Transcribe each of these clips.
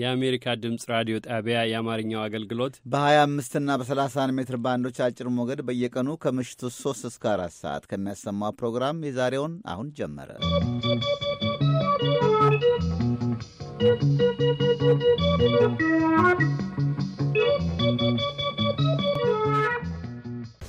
የአሜሪካ ድምፅ ራዲዮ ጣቢያ የአማርኛው አገልግሎት በ25 እና በ31 ሜትር ባንዶች አጭር ሞገድ በየቀኑ ከምሽቱ 3 እስከ 4 ሰዓት ከሚያሰማው ፕሮግራም የዛሬውን አሁን ጀመረ። ¶¶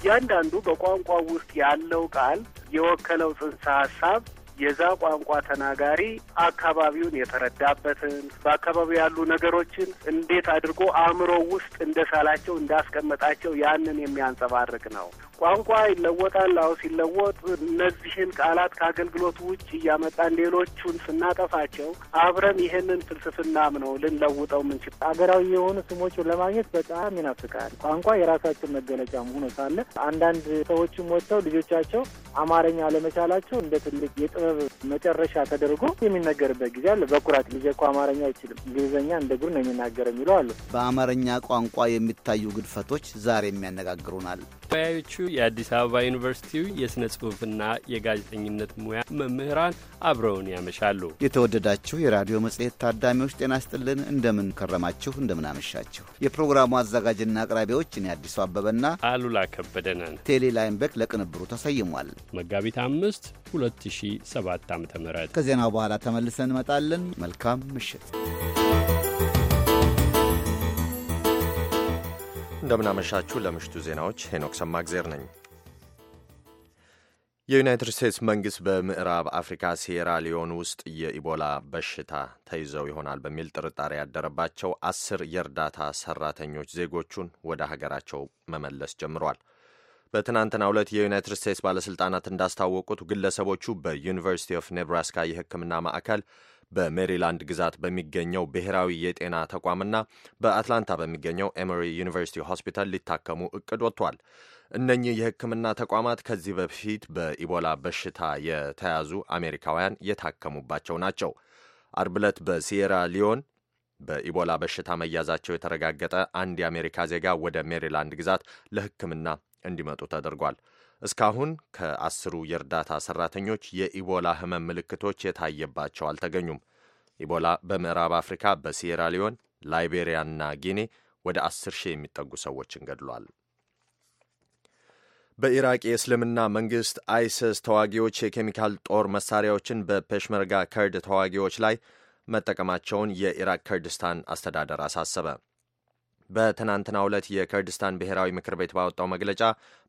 እያንዳንዱ በቋንቋ ውስጥ ያለው ቃል የወከለው ጽንሰ ሀሳብ የዛ ቋንቋ ተናጋሪ አካባቢውን የተረዳበትን በአካባቢው ያሉ ነገሮችን እንዴት አድርጎ አእምሮ ውስጥ እንደሳላቸው እንዳስቀመጣቸው ያንን የሚያንጸባርቅ ነው። ቋንቋ ይለወጣል። አሁ ሲለወጥ እነዚህን ቃላት ከአገልግሎት ውጭ እያመጣን ሌሎቹን ስናጠፋቸው አብረን ይህንን ፍልስፍናም ነው ልንለውጠው ምንችል። ሀገራዊ የሆኑ ስሞች ለማግኘት በጣም ይናፍቃል። ቋንቋ የራሳችን መገለጫ መሆኑ ሳለ አንዳንድ ሰዎችም ወጥተው ልጆቻቸው አማርኛ አለመቻላቸው እንደ ትልቅ የጥበብ መጨረሻ ተደርጎ የሚነገርበት ጊዜ አለ። በኩራት ልጄ እኮ አማርኛ አይችልም እንግሊዝኛ እንደ ጉር ነው የሚናገር የሚለው አሉ። በአማርኛ ቋንቋ የሚታዩ ግድፈቶች ዛሬ የሚያነጋግሩናል ተወያዮቹ የአዲስ አበባ ዩኒቨርሲቲው የሥነ ጽሑፍና የጋዜጠኝነት ሙያ መምህራን አብረውን ያመሻሉ። የተወደዳችሁ የራዲዮ መጽሔት ታዳሚዎች ጤና ስጥልን። እንደምን ከረማችሁ? እንደምን አመሻችሁ? የፕሮግራሙ አዘጋጅና አቅራቢዎች እኔ አዲሱ አበበና አሉላ ከበደ ነን። ቴሌ ላይምበክ ለቅንብሩ ተሰይሟል። መጋቢት አምስት 2007 ዓ ም ከዜናው በኋላ ተመልሰን እንመጣለን። መልካም ምሽት። እንደምናመሻችሁ። ለምሽቱ ዜናዎች ሄኖክ ሰማግዜር ነኝ። የዩናይትድ ስቴትስ መንግሥት በምዕራብ አፍሪካ ሲራ ሊዮን ውስጥ የኢቦላ በሽታ ተይዘው ይሆናል በሚል ጥርጣሬ ያደረባቸው አስር የእርዳታ ሰራተኞች ዜጎቹን ወደ ሀገራቸው መመለስ ጀምሯል። በትናንትና ዕለት የዩናይትድ ስቴትስ ባለሥልጣናት እንዳስታወቁት ግለሰቦቹ በዩኒቨርሲቲ ኦፍ ኔብራስካ የሕክምና ማዕከል በሜሪላንድ ግዛት በሚገኘው ብሔራዊ የጤና ተቋምና በአትላንታ በሚገኘው ኤመሪ ዩኒቨርሲቲ ሆስፒታል ሊታከሙ እቅድ ወጥቷል። እነኚህ የሕክምና ተቋማት ከዚህ በፊት በኢቦላ በሽታ የተያዙ አሜሪካውያን የታከሙባቸው ናቸው። አርብ ዕለት በሲየራ ሊዮን በኢቦላ በሽታ መያዛቸው የተረጋገጠ አንድ የአሜሪካ ዜጋ ወደ ሜሪላንድ ግዛት ለሕክምና እንዲመጡ ተደርጓል። እስካሁን ከአስሩ የእርዳታ ሰራተኞች የኢቦላ ህመም ምልክቶች የታየባቸው አልተገኙም። ኢቦላ በምዕራብ አፍሪካ በሲየራ ሊዮን፣ ላይቤሪያና ጊኔ ወደ አስር ሺህ የሚጠጉ ሰዎችን ገድሏል። በኢራቅ የእስልምና መንግሥት አይስስ ተዋጊዎች የኬሚካል ጦር መሳሪያዎችን በፔሽመርጋ ከርድ ተዋጊዎች ላይ መጠቀማቸውን የኢራቅ ከርድስታን አስተዳደር አሳሰበ። በትናንትናው ዕለት የክርድስታን ብሔራዊ ምክር ቤት ባወጣው መግለጫ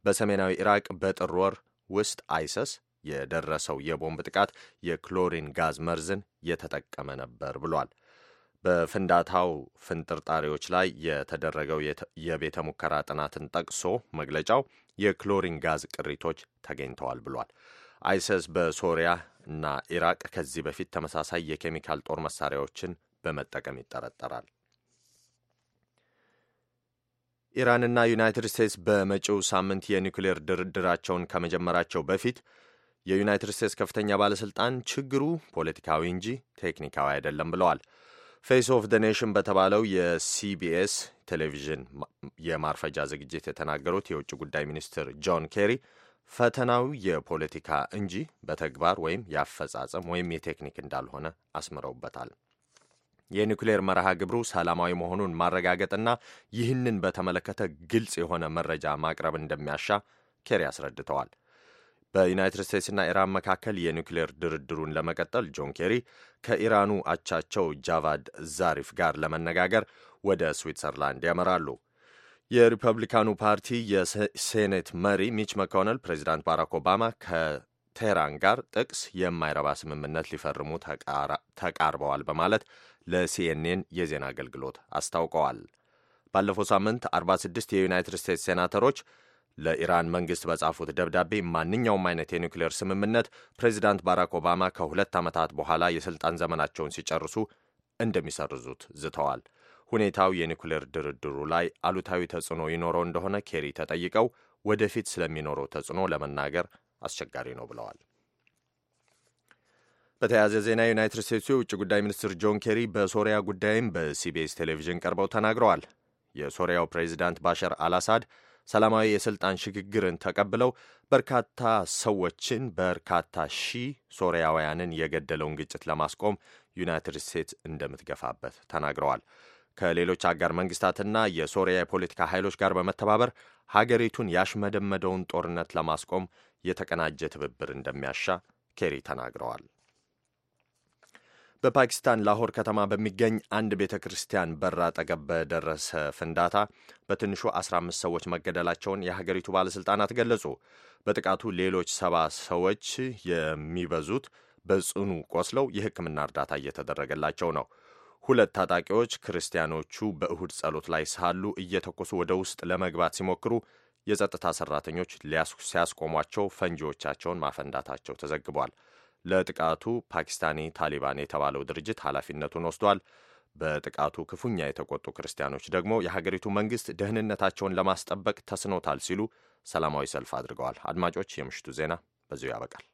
በሰሜናዊ ኢራቅ በጥር ወር ውስጥ አይሰስ የደረሰው የቦምብ ጥቃት የክሎሪን ጋዝ መርዝን የተጠቀመ ነበር ብሏል። በፍንዳታው ፍንጥርጣሪዎች ላይ የተደረገው የቤተ ሙከራ ጥናትን ጠቅሶ መግለጫው የክሎሪን ጋዝ ቅሪቶች ተገኝተዋል ብሏል። አይሰስ በሶሪያ እና ኢራቅ ከዚህ በፊት ተመሳሳይ የኬሚካል ጦር መሳሪያዎችን በመጠቀም ይጠረጠራል። ኢራንና ዩናይትድ ስቴትስ በመጪው ሳምንት የኒውክሌር ድርድራቸውን ከመጀመራቸው በፊት የዩናይትድ ስቴትስ ከፍተኛ ባለሥልጣን ችግሩ ፖለቲካዊ እንጂ ቴክኒካዊ አይደለም ብለዋል። ፌስ ኦፍ ደ ኔሽን በተባለው የሲቢኤስ ቴሌቪዥን የማርፈጃ ዝግጅት የተናገሩት የውጭ ጉዳይ ሚኒስትር ጆን ኬሪ ፈተናው የፖለቲካ እንጂ በተግባር ወይም የአፈጻጸም ወይም የቴክኒክ እንዳልሆነ አስምረውበታል። የኒውክሌር መርሃ ግብሩ ሰላማዊ መሆኑን ማረጋገጥና ይህንን በተመለከተ ግልጽ የሆነ መረጃ ማቅረብ እንደሚያሻ ኬሪ አስረድተዋል። በዩናይትድ ስቴትስና ኢራን መካከል የኒውክሌር ድርድሩን ለመቀጠል ጆን ኬሪ ከኢራኑ አቻቸው ጃቫድ ዛሪፍ ጋር ለመነጋገር ወደ ስዊትዘርላንድ ያመራሉ። የሪፐብሊካኑ ፓርቲ የሴኔት መሪ ሚች መኮነል ፕሬዚዳንት ባራክ ኦባማ ቴህራን ጋር ጥቅስ የማይረባ ስምምነት ሊፈርሙ ተቃርበዋል በማለት ለሲኤንኤን የዜና አገልግሎት አስታውቀዋል። ባለፈው ሳምንት 46 የዩናይትድ ስቴትስ ሴናተሮች ለኢራን መንግሥት በጻፉት ደብዳቤ ማንኛውም አይነት የኒውክሌር ስምምነት ፕሬዚዳንት ባራክ ኦባማ ከሁለት ዓመታት በኋላ የሥልጣን ዘመናቸውን ሲጨርሱ እንደሚሰርዙት ዝተዋል። ሁኔታው የኒውክሌር ድርድሩ ላይ አሉታዊ ተጽዕኖ ይኖረው እንደሆነ ኬሪ ተጠይቀው ወደፊት ስለሚኖረው ተጽዕኖ ለመናገር አስቸጋሪ ነው ብለዋል። በተያያዘ ዜና ዩናይትድ ስቴትሱ የውጭ ጉዳይ ሚኒስትር ጆን ኬሪ በሶሪያ ጉዳይም በሲቢኤስ ቴሌቪዥን ቀርበው ተናግረዋል። የሶሪያው ፕሬዚዳንት ባሻር አልአሳድ ሰላማዊ የሥልጣን ሽግግርን ተቀብለው በርካታ ሰዎችን በርካታ ሺህ ሶሪያውያንን የገደለውን ግጭት ለማስቆም ዩናይትድ ስቴትስ እንደምትገፋበት ተናግረዋል። ከሌሎች አጋር መንግስታትና የሶሪያ የፖለቲካ ኃይሎች ጋር በመተባበር ሀገሪቱን ያሽመደመደውን ጦርነት ለማስቆም የተቀናጀ ትብብር እንደሚያሻ ኬሪ ተናግረዋል። በፓኪስታን ላሆር ከተማ በሚገኝ አንድ ቤተ ክርስቲያን በር አጠገብ በደረሰ ፍንዳታ በትንሹ 15 ሰዎች መገደላቸውን የሀገሪቱ ባለሥልጣናት ገለጹ። በጥቃቱ ሌሎች ሰባ ሰዎች የሚበዙት በጽኑ ቆስለው የሕክምና እርዳታ እየተደረገላቸው ነው። ሁለት ታጣቂዎች ክርስቲያኖቹ በእሁድ ጸሎት ላይ ሳሉ እየተኮሱ ወደ ውስጥ ለመግባት ሲሞክሩ የጸጥታ ሰራተኞች ሲያስቆሟቸው ፈንጂዎቻቸውን ማፈንዳታቸው ተዘግቧል። ለጥቃቱ ፓኪስታኒ ታሊባን የተባለው ድርጅት ኃላፊነቱን ወስዷል። በጥቃቱ ክፉኛ የተቆጡ ክርስቲያኖች ደግሞ የሀገሪቱ መንግስት ደህንነታቸውን ለማስጠበቅ ተስኖታል ሲሉ ሰላማዊ ሰልፍ አድርገዋል። አድማጮች፣ የምሽቱ ዜና በዚሁ ያበቃል።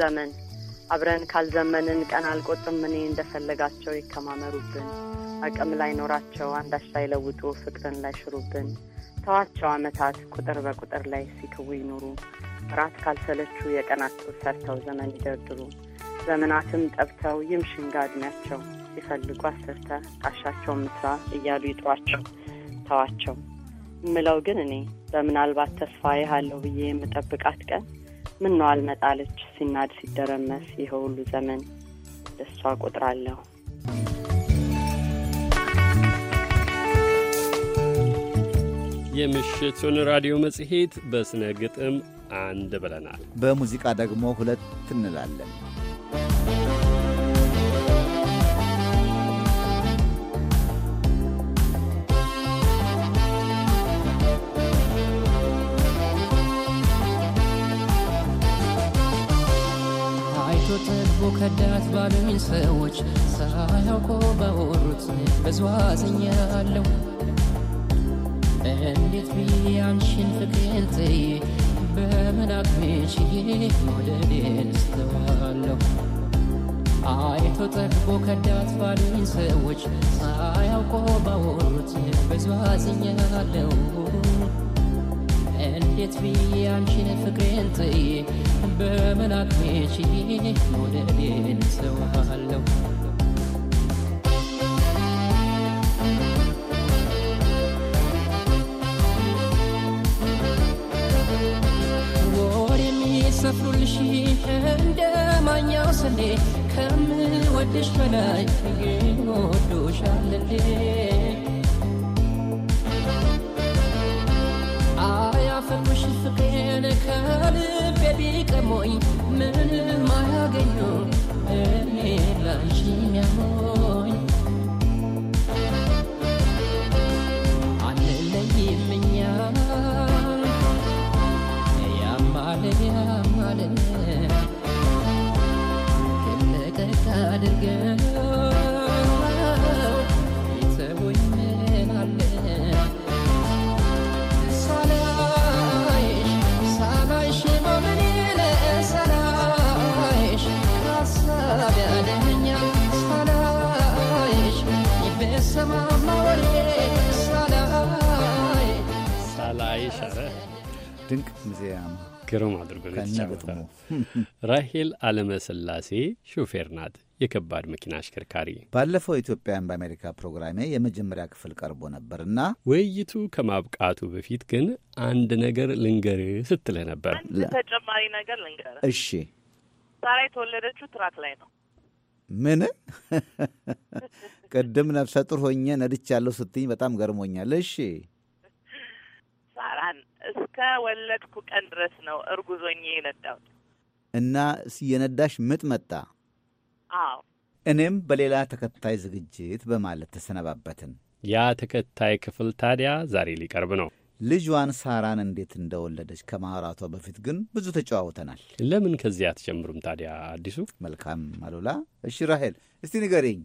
ዘመን አብረን ካልዘመንን ቀን አልቆጥም እኔ እንደፈለጋቸው ይከማመሩብን አቅም ላይ ኖራቸው አንዳች ላይ ለውጡ ፍቅርን ላይ ሽሩብን ተዋቸው አመታት ቁጥር በቁጥር ላይ ሲክቡ ይኑሩ ራት ካልሰለቹ የቀናት ሰርተው ዘመን ይደርድሩ ዘመናትም ጠብተው ይምሽንጋ ዕድሜያቸው ሲፈልጉ አሰርተ ጋሻቸው ምስራ እያሉ ይጥሯቸው ተዋቸው ምለው ግን እኔ በምናልባት ተስፋ ይሃለው ብዬ የምጠብቃት ቀን ምን ነው አልመጣለች ሲናድ ሲደረመስ ይኸው ሁሉ ዘመን ደሷ ቆጥራለሁ። የምሽቱን ራዲዮ መጽሔት በስነ ግጥም አንድ ብለናል። በሙዚቃ ደግሞ ሁለት እንላለን። ተጠልፎ ከዳት ባሉኝ ሰዎች ሳያውቆ ባወሩት ብዙ እንዴት ብዬ አንቺን ፍቅሬን ትዬ በምን አቅሜ መውደዴን እስተዋለሁ። አይቶ ጠልፎ ከዳት ባሉኝ ሰዎች ሳያውቆ ባወሩት ብዙ እንዴት ብዬ አንቺን ፍቅሬን ጥዬ በመላክሜ ችዬ መውደዴን ሰዋለሁ ወር እንደ ማኛው ስንዴ ከምወድሽ በላይ ይወዱሻል እንዴ ግን ከልቤ ቢቀሞኝ ምንም አያገኙ እኔ ላንቺ የሚያሞኝ ድንቅ ሙዚያማ ግሩም አድርጎ ነው። ራሄል አለመስላሴ ሹፌር ናት፣ የከባድ መኪና አሽከርካሪ። ባለፈው ኢትዮጵያን በአሜሪካ ፕሮግራሜ የመጀመሪያ ክፍል ቀርቦ ነበርና ውይይቱ ከማብቃቱ በፊት ግን አንድ ነገር ልንገር ስትልህ ነበር። ተጨማሪ ነገር ልንገር። እሺ። ሳራ የተወለደችው ትራክ ላይ ነው። ምን ቅድም ነፍሰ ጡር ሆኜ ነድቻለሁ ስትኝ በጣም ገርሞኛል። እሺ ሳራን እስከ ወለድኩ ቀን ድረስ ነው እርጉዞኜ የነዳሁት። እና የነዳሽ ምጥ መጣ። አዎ። እኔም በሌላ ተከታይ ዝግጅት በማለት ተሰነባበትን። ያ ተከታይ ክፍል ታዲያ ዛሬ ሊቀርብ ነው። ልጇን ሳራን እንዴት እንደወለደች ከማውራቷ በፊት ግን ብዙ ተጨዋውተናል። ለምን ከዚያ አትጀምሩም ታዲያ? አዲሱ መልካም አሉላ። እሺ ራሄል፣ እስቲ ንገሪኝ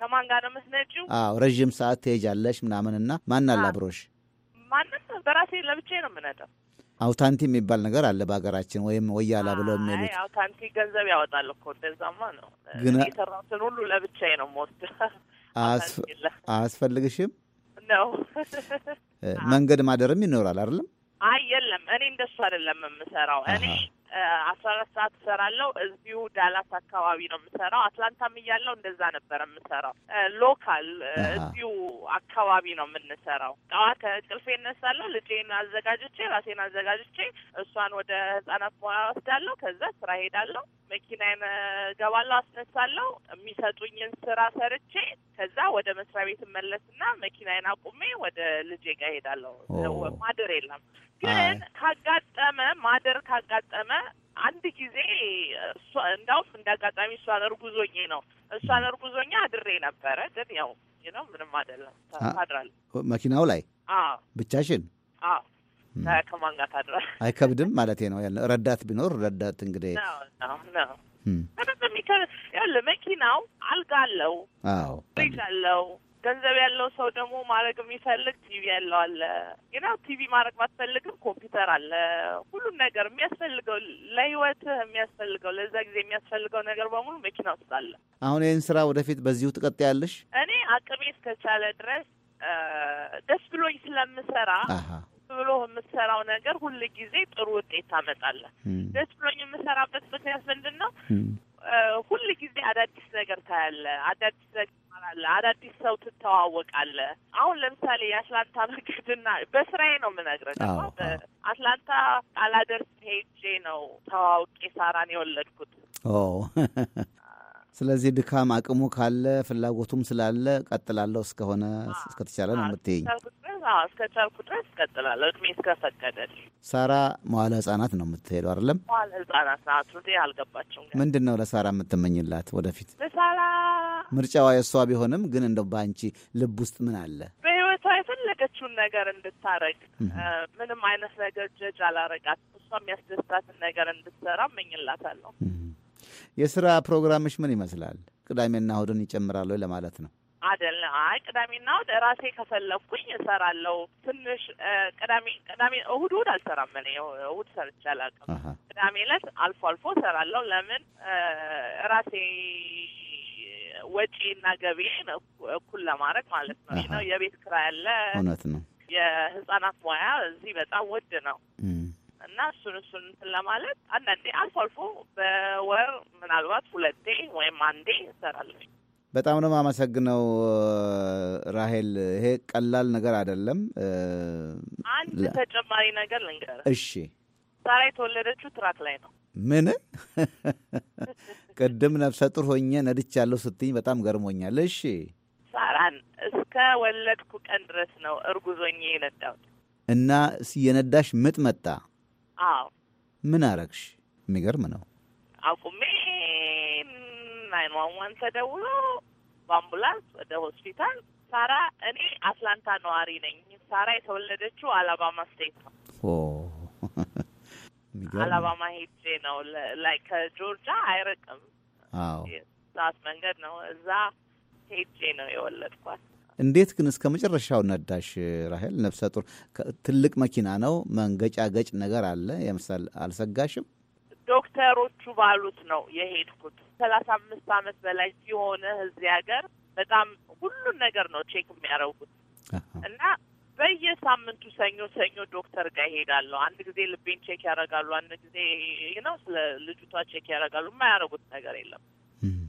ከማን ጋር ነው የምትነጂው? አዎ ረዥም ሰዓት ትሄጃለሽ ምናምንና ማን አላብሮሽ? ማንም በራሴ ለብቻ ነው የምነዳው። አውታንቲ የሚባል ነገር አለ በሀገራችን ወይም ወያላ ብለው የሚሉት አውታንቲ ገንዘብ ያወጣል እኮ እንደዛማ ነው። ግን የሰራሁትን ሁሉ ለብቻዬ ነው ሞት አያስፈልግሽም ነው መንገድ ማደርም ይኖራል አይደለም? አይ የለም፣ እኔ እንደሱ አይደለም የምሰራው እኔ አስራ አራት ሰዓት እሰራለሁ። እዚሁ ዳላስ አካባቢ ነው የምሰራው። አትላንታም እያለው እንደዛ ነበር የምሰራው። ሎካል እዚሁ አካባቢ ነው የምንሰራው። ጠዋት እንቅልፌ እነሳለሁ። ልጄን አዘጋጅቼ ራሴን አዘጋጅቼ እሷን ወደ ህጻናት ሙያ ወስዳለሁ። ከዛ ስራ ሄዳለሁ። መኪናዬን ገባለሁ፣ አስነሳለሁ። የሚሰጡኝን ስራ ሰርቼ ከዛ ወደ መስሪያ ቤት መለስና መኪናዬን አቁሜ ወደ ልጄ ጋር ሄዳለሁ። ማድር የለም ግን ካጋጠመ ማደር ካጋጠመ አንድ ጊዜ እንዳውም እንዳጋጣሚ እሷን እርጉዞኜ ነው እሷን እርጉዞኛ አድሬ ነበረ። ግን ያው ነው ምንም አይደለም። ታድራለህ መኪናው ላይ ብቻሽን ከማን ጋር ታድራለህ? አይከብድም ማለት ነው ያለ ረዳት ቢኖር ረዳት እንግዲህ ነው ያለ መኪናው አልጋ አለው፣ ፍሪጅ አለው ገንዘብ ያለው ሰው ደግሞ ማድረግ የሚፈልግ ቲቪ ያለው አለ። ግና ቲቪ ማድረግ ባትፈልግም ኮምፒውተር አለ። ሁሉም ነገር የሚያስፈልገው ለህይወትህ የሚያስፈልገው ለዛ ጊዜ የሚያስፈልገው ነገር በሙሉ መኪና ውስጥ አለ። አሁን ይህን ስራ ወደፊት በዚሁ ትቀጥያለሽ? እኔ አቅሜ እስከቻለ ድረስ ደስ ብሎኝ ስለምሰራ ብሎ የምሰራው ነገር ሁል ጊዜ ጥሩ ውጤት ታመጣለህ። ደስ ብሎኝ የምሰራበት ምክንያት ምንድን ነው? ሁል ጊዜ አዳዲስ ነገር ታያለ፣ አዳዲስ ነገር ትማራለ፣ አዳዲስ ሰው ትተዋወቃለ። አሁን ለምሳሌ የአትላንታ መንገድና በስራዬ ነው የምነግረህ። አትላንታ ቃላደርስ ሄጄ ነው ተዋውቄ ሳራን የወለድኩት። ስለዚህ ድካም አቅሙ ካለ ፍላጎቱም ስላለ ቀጥላለሁ እስከሆነ እስከተቻለ ነው የምትይኝ? እስከቻልኩ ድረስ ቀጥላለሁ እድሜ እስከፈቀደል። ሳራ መዋለ ህጻናት ነው የምትሄዱ አይደለም? መዋለ ህጻናት ናት። ሩቴ ምንድን ነው ለሳራ የምትመኝላት ወደፊት? ለሳራ ምርጫዋ የእሷ ቢሆንም ግን እንደው በአንቺ ልብ ውስጥ ምን አለ? በህይወቷ የፈለገችውን ነገር እንድታረግ፣ ምንም አይነት ነገር ጀጅ አላረጋት፣ እሷ የሚያስደስታትን ነገር እንድትሰራ እመኝላታለሁ። የስራ ፕሮግራምሽ ምን ይመስላል? ቅዳሜና እሁድን ይጨምራሉ ለማለት ነው አደል? አይ ቅዳሜና እሁድ ራሴ ከፈለኩኝ እሰራለሁ። ትንሽ ቅዳሜ ቅዳሜ እሁድ እሁድ አልሰራም። እኔ እሁድ ሰርቼ አላውቅም። ቅዳሜ ዕለት አልፎ አልፎ እሰራለሁ። ለምን ራሴ ወጪና ገቢን እኩል ለማድረግ ማለት ነው ነው የቤት ኪራይ ያለ እውነት ነው። የህጻናት ሙያ እዚህ በጣም ውድ ነው። እና እሱን እሱን እንትን ለማለት አንዳንዴ አልፎ አልፎ በወር ምናልባት ሁለቴ ወይም አንዴ እንሰራለን። በጣም ነው የማመሰግነው ራሄል። ይሄ ቀላል ነገር አይደለም። አንድ ተጨማሪ ነገር ልንገርህ። እሺ። ሳራ የተወለደችው ትራክ ላይ ነው። ምን? ቅድም ነፍሰ ጡር ሆኜ ነድቻለሁ ስትኝ በጣም ገርሞኛል። እሺ። ሳራን እስከ ወለድኩ ቀን ድረስ ነው እርጉዞኜ የነዳሁት እና የነዳሽ ምጥ መጣ አዎ። ምን አረግሽ? የሚገርም ነው። አቁሜ ናይን ዋን ዋን ተደውሎ በአምቡላንስ ወደ ሆስፒታል። ሳራ እኔ አትላንታ ነዋሪ ነኝ። ሳራ የተወለደችው አላባማ ስቴት ነው። አላባማ ሄጄ ነው ላይ ከጆርጂያ አይረቅም፣ ሰዓት መንገድ ነው። እዛ ሄጄ ነው የወለድኳት። እንዴት ግን እስከ መጨረሻው ነዳሽ ራሄል? ነፍሰ ጡር ትልቅ መኪና ነው፣ መንገጫ ገጭ ነገር አለ የምሳል አልሰጋሽም? ዶክተሮቹ ባሉት ነው የሄድኩት። ሰላሳ አምስት አመት በላይ ሲሆነ እዚህ ሀገር በጣም ሁሉን ነገር ነው ቼክ የሚያደርጉት እና በየሳምንቱ ሰኞ ሰኞ ዶክተር ጋር ይሄዳለሁ። አንድ ጊዜ ልቤን ቼክ ያደርጋሉ፣ አንድ ጊዜ ነው ስለ ልጅቷ ቼክ ያደርጋሉ። የማያደርጉት ነገር የለም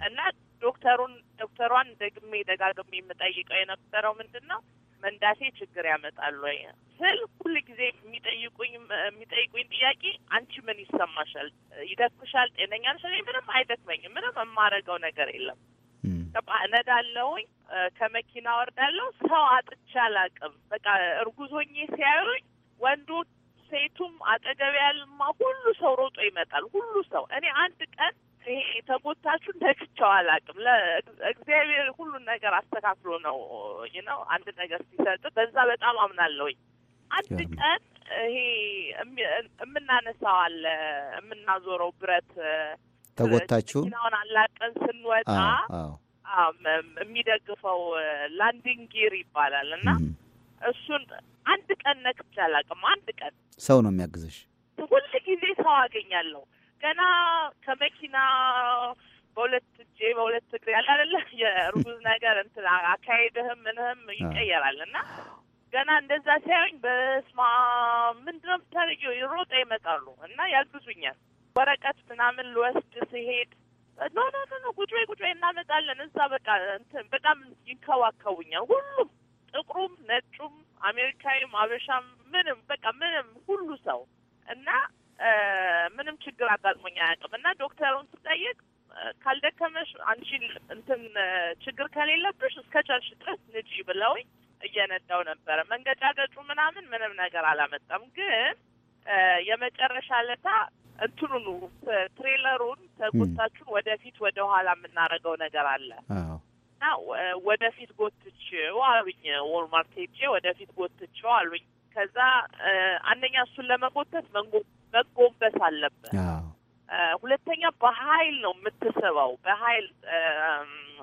እና ዶክተሩን ዶክተሯን ደግሜ ደጋግሜ የምጠይቀው የነበረው ምንድን ነው መንዳሴ ችግር ያመጣል ወይ ስል ሁል ጊዜ የሚጠይቁኝ የሚጠይቁኝ ጥያቄ አንቺ ምን ይሰማሻል? ይደክምሻል? ጤነኛ ነሽ? ምንም አይደክመኝም። ምንም የማረገው ነገር የለም። እነዳለሁኝ፣ ከመኪና ወርዳለው ሰው አጥቼ አላውቅም። በቃ እርጉዞኜ ሲያዩኝ ወንዱ ሴቱም አጠገብ ያልማ ሁሉ ሰው ሮጦ ይመጣል። ሁሉ ሰው እኔ አንድ ቀን ተጎታችሁ ነክቸው አላውቅም። እግዚአብሔር ሁሉን ነገር አስተካክሎ ነው ነው አንድ ነገር ሲሰጥ በዛ በጣም አምናለሁኝ። አንድ ቀን ይሄ የምናነሳው አለ የምናዞረው ብረት ተጎታችሁ ናሁን አላቀን ስንወጣ የሚደግፈው ላንዲንግ ጊር ይባላል እና እሱን አንድ ቀን ነክቼ አላውቅም። አንድ ቀን ሰው ነው የሚያግዝሽ። ሁል ጊዜ ሰው አገኛለሁ ገና ከመኪና በሁለት እጄ በሁለት እግሬ ያለ አይደለ የሩዝ ነገር እንትን አካሄድህም ምንህም ይቀየራል እና ገና እንደዛ ሲያዩኝ በስማ ምንድነው ብታደርጊው ሮጠ ይመጣሉ እና ያግዙኛል። ወረቀት ምናምን ልወስድ ስሄድ ኖ ኖ ኖ ቁጭ በይ ቁጭ በይ እናመጣለን እዛ በቃ እንትን በጣም ይንከባከቡኛል። ሁሉም ጥቁሩም፣ ነጩም፣ አሜሪካዊም፣ አበሻም ምንም በቃ ምንም ሁሉ ሰው እና ምንም ችግር አጋጥሞኝ አያውቅም። እና ዶክተሩን ስጠይቅ ካልደከመሽ አንቺ እንትን ችግር ከሌለብሽ እስከ ጨርሽ ድረስ ንጂ ብለውኝ እየነዳው ነበረ። መንገጫገጩ ምናምን ምንም ነገር አላመጣም። ግን የመጨረሻ ለታ እንትኑኑ ትሬለሩን ተጎታችሁን ወደፊት ወደ ኋላ የምናደርገው ነገር አለ እና ወደፊት ጎትቼው አሉኝ። ወልማርት ሄጄ ወደፊት ጎትቼው አሉኝ። ከዛ አንደኛ እሱን ለመጎተት መንጎ መጎንበስ አለበት። ሁለተኛ በኃይል ነው የምትስበው። በኃይል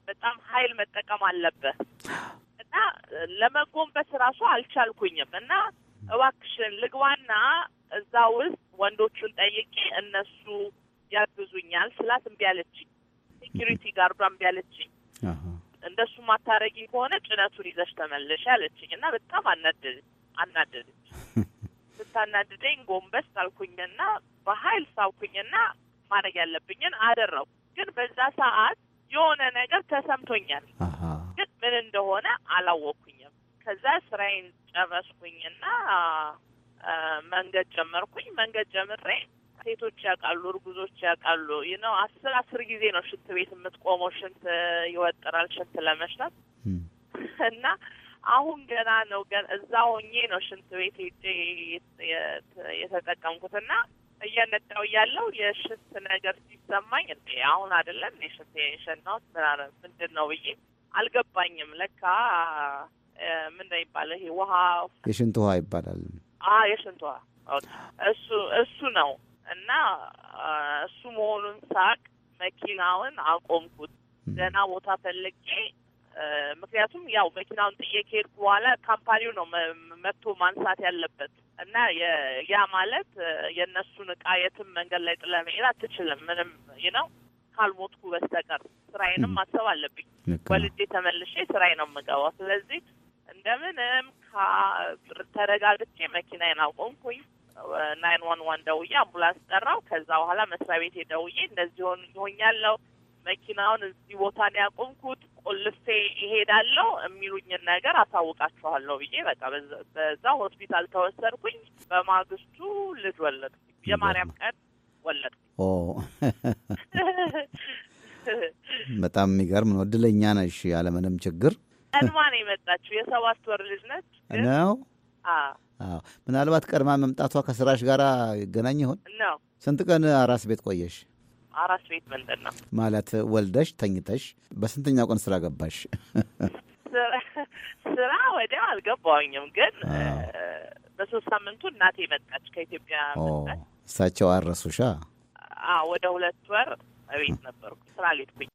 በጣም ኃይል መጠቀም አለበት እና ለመጎንበስ ራሱ አልቻልኩኝም እና እባክሽን ልግባና እዛ ውስጥ ወንዶቹን ጠይቄ እነሱ ያግዙኛል ስላት እምቢ አለችኝ። ሴኪሪቲ ጋርዷ እምቢ አለችኝ። እንደሱ ማታረጊ ከሆነ ጭነቱን ይዘሽ ተመለሽ አለችኝ እና በጣም አናደድ አናደድ ስታናድደኝ ጎንበስ አልኩኝና በሀይል ሳውኩኝና ማድረግ ያለብኝን አደረው። ግን በዛ ሰዓት የሆነ ነገር ተሰምቶኛል፣ ግን ምን እንደሆነ አላወቅኩኝም። ከዛ ስራዬን ጨረስኩኝና መንገድ ጀመርኩኝ። መንገድ ጀምሬ ሴቶች ያውቃሉ፣ እርጉዞች ያውቃሉ። ነው አስር አስር ጊዜ ነው ሽንት ቤት የምትቆመው፣ ሽንት ይወጠራል ሽንት ለመሽናት እና አሁን ገና ነው። ገ እዛ ሆኜ ነው ሽንት ቤት ሄጄ የተጠቀምኩት የተጠቀምኩትና እየነዳው እያለው የሽንት ነገር ሲሰማኝ እ አሁን አይደለም የሽንት የሸናሁት ምናምን ምንድን ነው ብዬ አልገባኝም። ለካ ምን ነው ይባላል ይሄ ውሃ የሽንት ውሃ ይባላል። አዎ የሽንት ውሃ እሱ እሱ ነው። እና እሱ መሆኑን ሳቅ መኪናውን አቆምኩት። ገና ቦታ ፈልጌ ምክንያቱም ያው መኪናውን ጥዬ ከሄድኩ በኋላ ካምፓኒው ነው መጥቶ ማንሳት ያለበት እና ያ ማለት የእነሱን እቃ የትም መንገድ ላይ ጥለህ መሄድ አትችልም። ምንም ይነው ካልሞትኩ በስተቀር ስራዬንም ማሰብ አለብኝ። ወልጄ ተመልሼ ስራዬ ነው የምገባው። ስለዚህ እንደምንም ተረጋግቼ መኪናዬን አቆምኩኝ። ናይን ዋን ዋን ደውዬ አምቡላንስ ጠራው። ከዛ በኋላ መስሪያ ቤቴ ደውዬ እንደዚህ ሆኛለሁ፣ መኪናውን እዚህ ቦታ ነው ያቆምኩት ቆልፌ ይሄዳለሁ የሚሉኝን ነገር አሳውቃችኋለሁ ብዬ በቃ በዛ ሆስፒታል ተወሰድኩኝ። በማግስቱ ልጅ ወለድኩ። የማርያም ቀን ወለድኩ። በጣም የሚገርም ነው። እድለኛ ነሽ። ያለምንም ችግር እንማን የመጣችው የሰባት ወር ልጅ ነች ነው። ምናልባት ቀድማ መምጣቷ ከስራሽ ጋር ይገናኝ ይሆን ነው? ስንት ቀን አራስ ቤት ቆየሽ? አራስ ቤት ምንድን ነው ማለት? ወልደሽ ተኝተሽ በስንተኛው ቀን ስራ ገባሽ? ስራ ወዲያው አልገባኝም፣ ግን በሶስት ሳምንቱ እናቴ መጣች ከኢትዮጵያ መጣች። እሳቸው አረሱሻ? ወደ ሁለት ወር ቤት ነበርኩ ስራ ሌትኩኝ።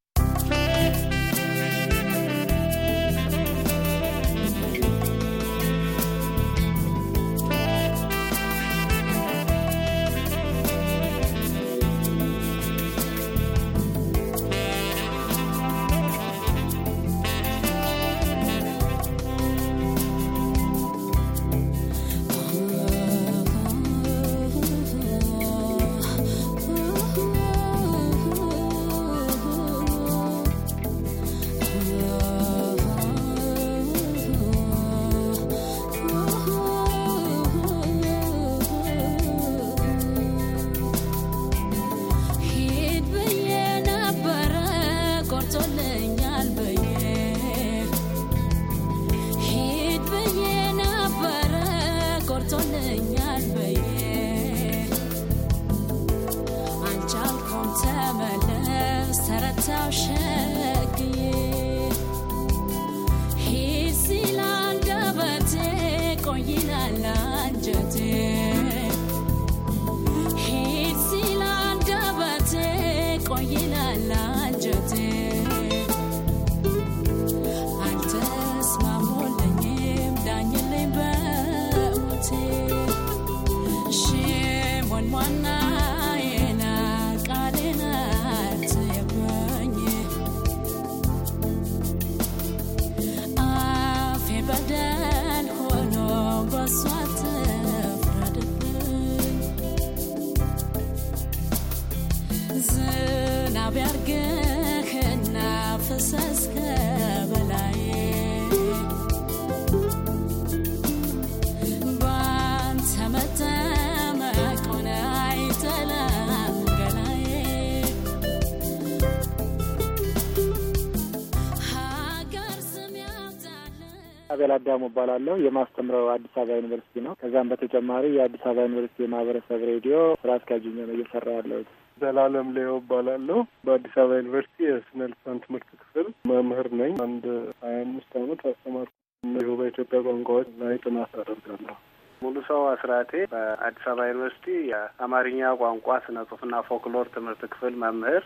አቤል አዳሙ እባላለሁ። የማስተምረው አዲስ አበባ ዩኒቨርሲቲ ነው። ከዛም በተጨማሪ የአዲስ አበባ ዩኒቨርሲቲ የማህበረሰብ ሬዲዮ ስራ አስኪያጅ ነው እየሰራ ያለሁት። ዘላለም ሌዮ እባላለሁ። በአዲስ አበባ ዩኒቨርሲቲ የስነ ልሳን ትምህርት ክፍል መምህር ነኝ። አንድ ሀያ አምስት አመት አስተማርኩ። ይሁ በኢትዮጵያ ቋንቋዎች ላይ ጥናት አደርጋለሁ። ሙሉ ሰው አስራቴ በአዲስ አበባ ዩኒቨርሲቲ የአማርኛ ቋንቋ ስነ ጽሁፍና ፎክሎር ትምህርት ክፍል መምህር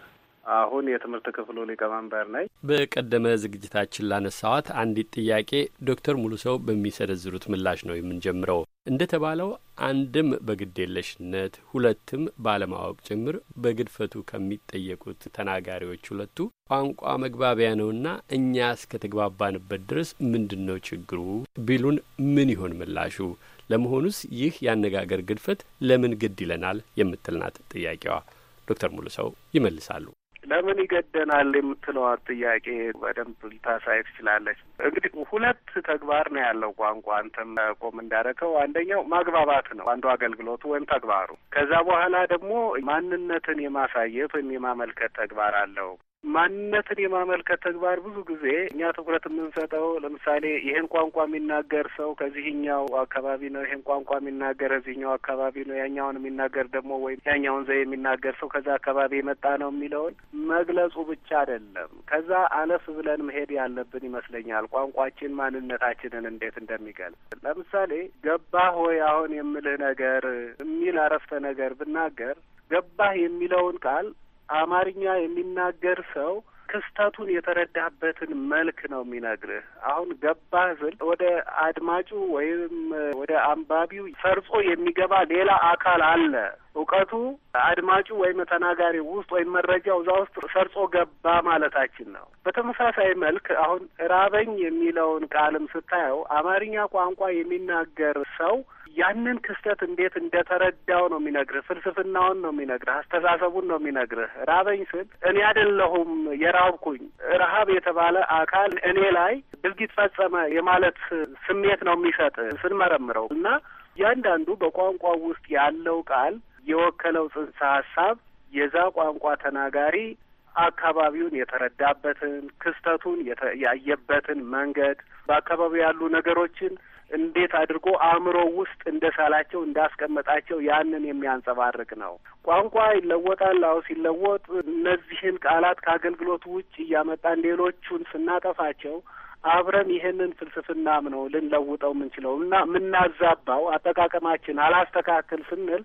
አሁን የትምህርት ክፍሉ ሊቀመንበር ነኝ። በቀደመ ዝግጅታችን ላነሳዋት አንዲት ጥያቄ ዶክተር ሙሉ ሰው በሚሰረዝሩት ምላሽ ነው የምንጀምረው። እንደ ተባለው አንድም በግዴለሽነት ሁለትም ባለማወቅ ጭምር በግድፈቱ ከሚጠየቁት ተናጋሪዎች ሁለቱ ቋንቋ መግባቢያ ነውና እኛ እስከተግባባንበት ድረስ ምንድን ነው ችግሩ ቢሉን ምን ይሆን ምላሹ? ለመሆኑስ ይህ የአነጋገር ግድፈት ለምን ግድ ይለናል? የምትልናት ጥያቄዋ ዶክተር ሙሉ ሰው ይመልሳሉ። ለምን ይገደናል የምትለዋት ጥያቄ በደንብ ልታሳይ ትችላለች። እንግዲህ ሁለት ተግባር ነው ያለው ቋንቋ። አንተም ቆም እንዳደረገው፣ አንደኛው ማግባባት ነው አንዱ አገልግሎቱ ወይም ተግባሩ። ከዛ በኋላ ደግሞ ማንነትን የማሳየት ወይም የማመልከት ተግባር አለው። ማንነትን የማመልከት ተግባር ብዙ ጊዜ እኛ ትኩረት የምንሰጠው ለምሳሌ ይህን ቋንቋ የሚናገር ሰው ከዚህኛው አካባቢ ነው፣ ይህን ቋንቋ የሚናገር ከዚህኛው አካባቢ ነው፣ ያኛውን የሚናገር ደግሞ ወይም ያኛውን ዘ የሚናገር ሰው ከዛ አካባቢ የመጣ ነው የሚለውን መግለጹ ብቻ አይደለም። ከዛ አለፍ ብለን መሄድ ያለብን ይመስለኛል። ቋንቋችን ማንነታችንን እንዴት እንደሚገልጽ ለምሳሌ ገባህ ሆይ አሁን የምልህ ነገር የሚል አረፍተ ነገር ብናገር ገባህ የሚለውን ቃል አማርኛ የሚናገር ሰው ክስተቱን የተረዳበትን መልክ ነው የሚነግርህ። አሁን ገባህ ስል ወደ አድማጩ ወይም ወደ አንባቢው ሰርጾ የሚገባ ሌላ አካል አለ። እውቀቱ አድማጩ ወይም ተናጋሪ ውስጥ ወይም መረጃው እዛ ውስጥ ሰርጾ ገባ ማለታችን ነው። በተመሳሳይ መልክ አሁን ራበኝ የሚለውን ቃልም ስታየው አማርኛ ቋንቋ የሚናገር ሰው ያንን ክስተት እንዴት እንደተረዳው ነው የሚነግርህ። ፍልስፍናውን ነው የሚነግርህ። አስተሳሰቡን ነው የሚነግርህ። ራበኝ ስል እኔ አይደለሁም የራብኩኝ፣ ረሀብ የተባለ አካል እኔ ላይ ድርጊት ፈጸመ የማለት ስሜት ነው የሚሰጥ ስንመረምረው እና እያንዳንዱ በቋንቋ ውስጥ ያለው ቃል የወከለው ጽንሰ ሀሳብ የዛ ቋንቋ ተናጋሪ አካባቢውን የተረዳበትን ክስተቱን ያየበትን መንገድ በአካባቢው ያሉ ነገሮችን እንዴት አድርጎ አእምሮ ውስጥ እንደሳላቸው እንዳስቀመጣቸው ያንን የሚያንጸባርቅ ነው። ቋንቋ ይለወጣል። አዎ ሲለወጥ እነዚህን ቃላት ከአገልግሎት ውጭ እያመጣን ሌሎቹን ስናጠፋቸው አብረን ይህንን ፍልስፍናም ነው ልንለውጠው የምንችለው እና የምናዛባው አጠቃቀማችን አላስተካክል ስንል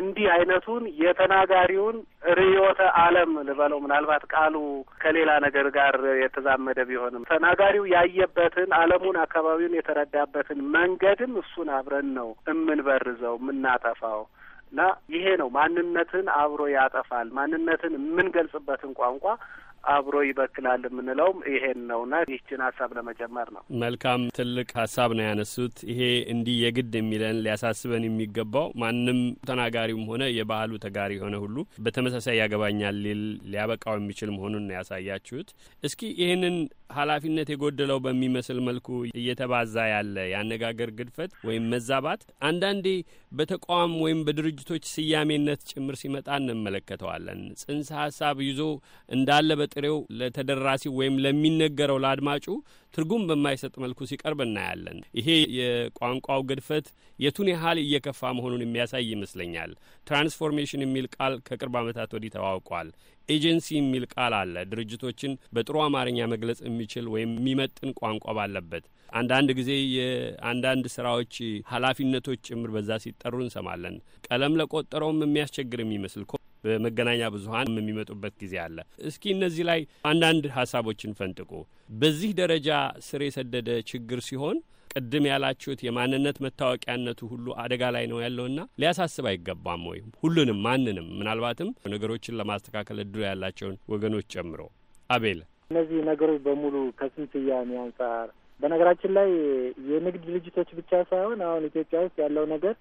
እንዲህ አይነቱን የተናጋሪውን ርዕዮተ ዓለም ልበለው ምናልባት ቃሉ ከሌላ ነገር ጋር የተዛመደ ቢሆንም ተናጋሪው ያየበትን ዓለሙን አካባቢውን የተረዳበትን መንገድም እሱን አብረን ነው የምንበርዘው የምናጠፋው እና ይሄ ነው ማንነትን አብሮ ያጠፋል። ማንነትን የምንገልጽበትን ቋንቋ አብሮ ይበክላል የምንለውም ይሄን ነውና ይህችን ሀሳብ ለመጀመር ነው። መልካም ትልቅ ሀሳብ ነው ያነሱት። ይሄ እንዲህ የግድ የሚለን ሊያሳስበን የሚገባው ማንም ተናጋሪውም ሆነ የባህሉ ተጋሪ የሆነ ሁሉ በተመሳሳይ ያገባኛል ሊል ሊያበቃው የሚችል መሆኑን ነው ያሳያችሁት። እስኪ ይህንን ኃላፊነት የጎደለው በሚመስል መልኩ እየተባዛ ያለ የአነጋገር ግድፈት ወይም መዛባት አንዳንዴ በተቋም ወይም በድርጅቶች ስያሜነት ጭምር ሲመጣ እንመለከተዋለን። ጽንሰ ሀሳብ ይዞ እንዳለ በጥሬው ለተደራሲው ወይም ለሚነገረው ለአድማጩ ትርጉም በማይሰጥ መልኩ ሲቀርብ እናያለን። ይሄ የቋንቋው ግድፈት የቱን ያህል እየከፋ መሆኑን የሚያሳይ ይመስለኛል። ትራንስፎርሜሽን የሚል ቃል ከቅርብ ዓመታት ወዲህ ተዋውቋል። ኤጀንሲ የሚል ቃል አለ። ድርጅቶችን በጥሩ አማርኛ መግለጽ የሚችል ወይም የሚመጥን ቋንቋ ባለበት አንዳንድ ጊዜ የአንዳንድ ስራዎች ኃላፊነቶች ጭምር በዛ ሲጠሩ እንሰማለን። ቀለም ለቆጠረውም የሚያስቸግር የሚመስል በመገናኛ ብዙኃን የሚመጡበት ጊዜ አለ። እስኪ እነዚህ ላይ አንዳንድ ሀሳቦችን ፈንጥቁ። በዚህ ደረጃ ስር የሰደደ ችግር ሲሆን ቅድም ያላችሁት የማንነት መታወቂያነቱ ሁሉ አደጋ ላይ ነው ያለውና ሊያሳስብ አይገባም ወይ? ሁሉንም ማንንም፣ ምናልባትም ነገሮችን ለማስተካከል እድሉ ያላቸውን ወገኖች ጨምሮ። አቤል፣ እነዚህ ነገሮች በሙሉ ከስም ስያሜ አንጻር በነገራችን ላይ የንግድ ድርጅቶች ብቻ ሳይሆን አሁን ኢትዮጵያ ውስጥ ያለው ነገር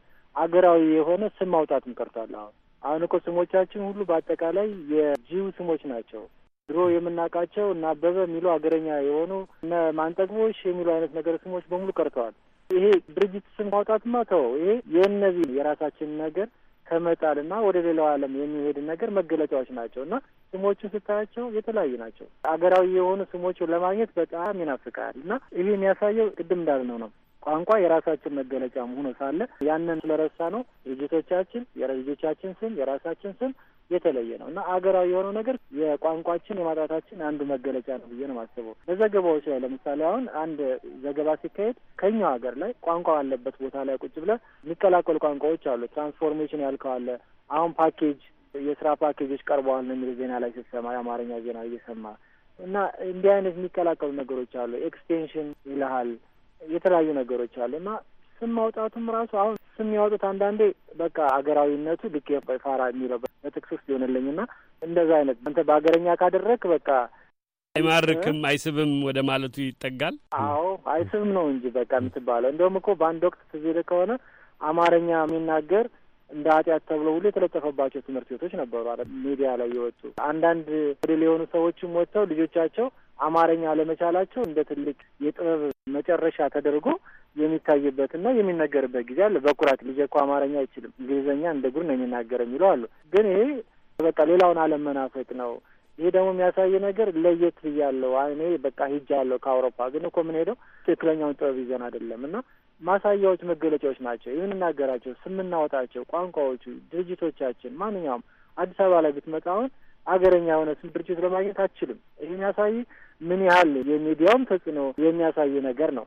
አገራዊ የሆነ ስም ማውጣትም ቀርቷል። አሁን አሁን እኮ ስሞቻችን ሁሉ በአጠቃላይ የጂው ስሞች ናቸው። ድሮ የምናውቃቸው እነ አበበ የሚሉ አገረኛ የሆኑ እነ ማንጠግቦሽ የሚሉ አይነት ነገር ስሞች በሙሉ ቀርተዋል። ይሄ ድርጅት ስም ማውጣትማ ተወው። ይሄ የእነዚህ የራሳችን ነገር ከመጣልና ወደ ሌላው ዓለም የሚሄድ ነገር መገለጫዎች ናቸው እና ስሞቹን ስታያቸው የተለያዩ ናቸው። አገራዊ የሆኑ ስሞቹን ለማግኘት በጣም ይናፍቃል እና ይህ የሚያሳየው ቅድም እንዳልነው ነው ቋንቋ የራሳችን መገለጫ መሆኑ ሳለ ያንን ስለረሳ ነው ድርጅቶቻችን የልጆቻችን ስም የራሳችን ስም የተለየ ነው እና አገራዊ የሆነው ነገር የቋንቋችን የማጣታችን አንዱ መገለጫ ነው ብዬ ነው የማስበው። በዘገባዎች ላይ ለምሳሌ አሁን አንድ ዘገባ ሲካሄድ ከኛው ሀገር ላይ ቋንቋ ያለበት ቦታ ላይ ቁጭ ብለ የሚቀላቀሉ ቋንቋዎች አሉ። ትራንስፎርሜሽን ያልከዋለ አሁን ፓኬጅ የስራ ፓኬጆች ቀርበዋል ነው የሚል ዜና ላይ ስትሰማ የአማርኛ ዜና እየሰማ እና እንዲህ አይነት የሚቀላቀሉ ነገሮች አሉ። ኤክስቴንሽን ይልሃል የተለያዩ ነገሮች አሉ እና ስም ማውጣቱም ራሱ አሁን ስም የሚያወጡት አንዳንዴ በቃ አገራዊነቱ ልክ ፋራ የሚለው በትክስ ውስጥ ይሆንልኝ እና እንደዛ አይነት አንተ በሀገረኛ ካደረግ በቃ አይማርክም አይስብም ወደ ማለቱ ይጠጋል። አዎ አይስብም ነው እንጂ በቃ የምትባለው። እንደውም እኮ በአንድ ወቅት ትዝ ይልህ ከሆነ አማርኛ የሚናገር እንደ ኃጢአት ተብሎ ሁሉ የተለጠፈባቸው ትምህርት ቤቶች ነበሩ። አ ሚዲያ ላይ የወጡ አንዳንድ ወደ ሊሆኑ ሰዎችም ወጥተው ልጆቻቸው አማርኛ አለመቻላቸው እንደ ትልቅ የጥበብ መጨረሻ ተደርጎ የሚታይበትና የሚነገርበት ጊዜ አለ። በኩራት ልጄ እኮ አማርኛ አይችልም እንግሊዝኛ እንደ ጉር ነው የሚናገረው የሚለው አሉ። ግን ይሄ በቃ ሌላውን አለም መናፈቅ ነው። ይሄ ደግሞ የሚያሳይ ነገር ለየት ብያለሁ እኔ በቃ ሂጃ ከአውሮፓ ግን እኮ ምን ሄደው ትክክለኛውን ጥበብ ይዘን አይደለም እና ማሳያዎች መገለጫዎች ናቸው። የምንናገራቸው ስምናወጣቸው ቋንቋዎቹ፣ ድርጅቶቻችን ማንኛውም አዲስ አበባ ላይ ብትመጣ አሁን አገረኛ የሆነ ድርጅት ለማግኘት አችልም። ይህ የሚያሳይ ምን ያህል የሚዲያውም ተጽዕኖ የሚያሳይ ነገር ነው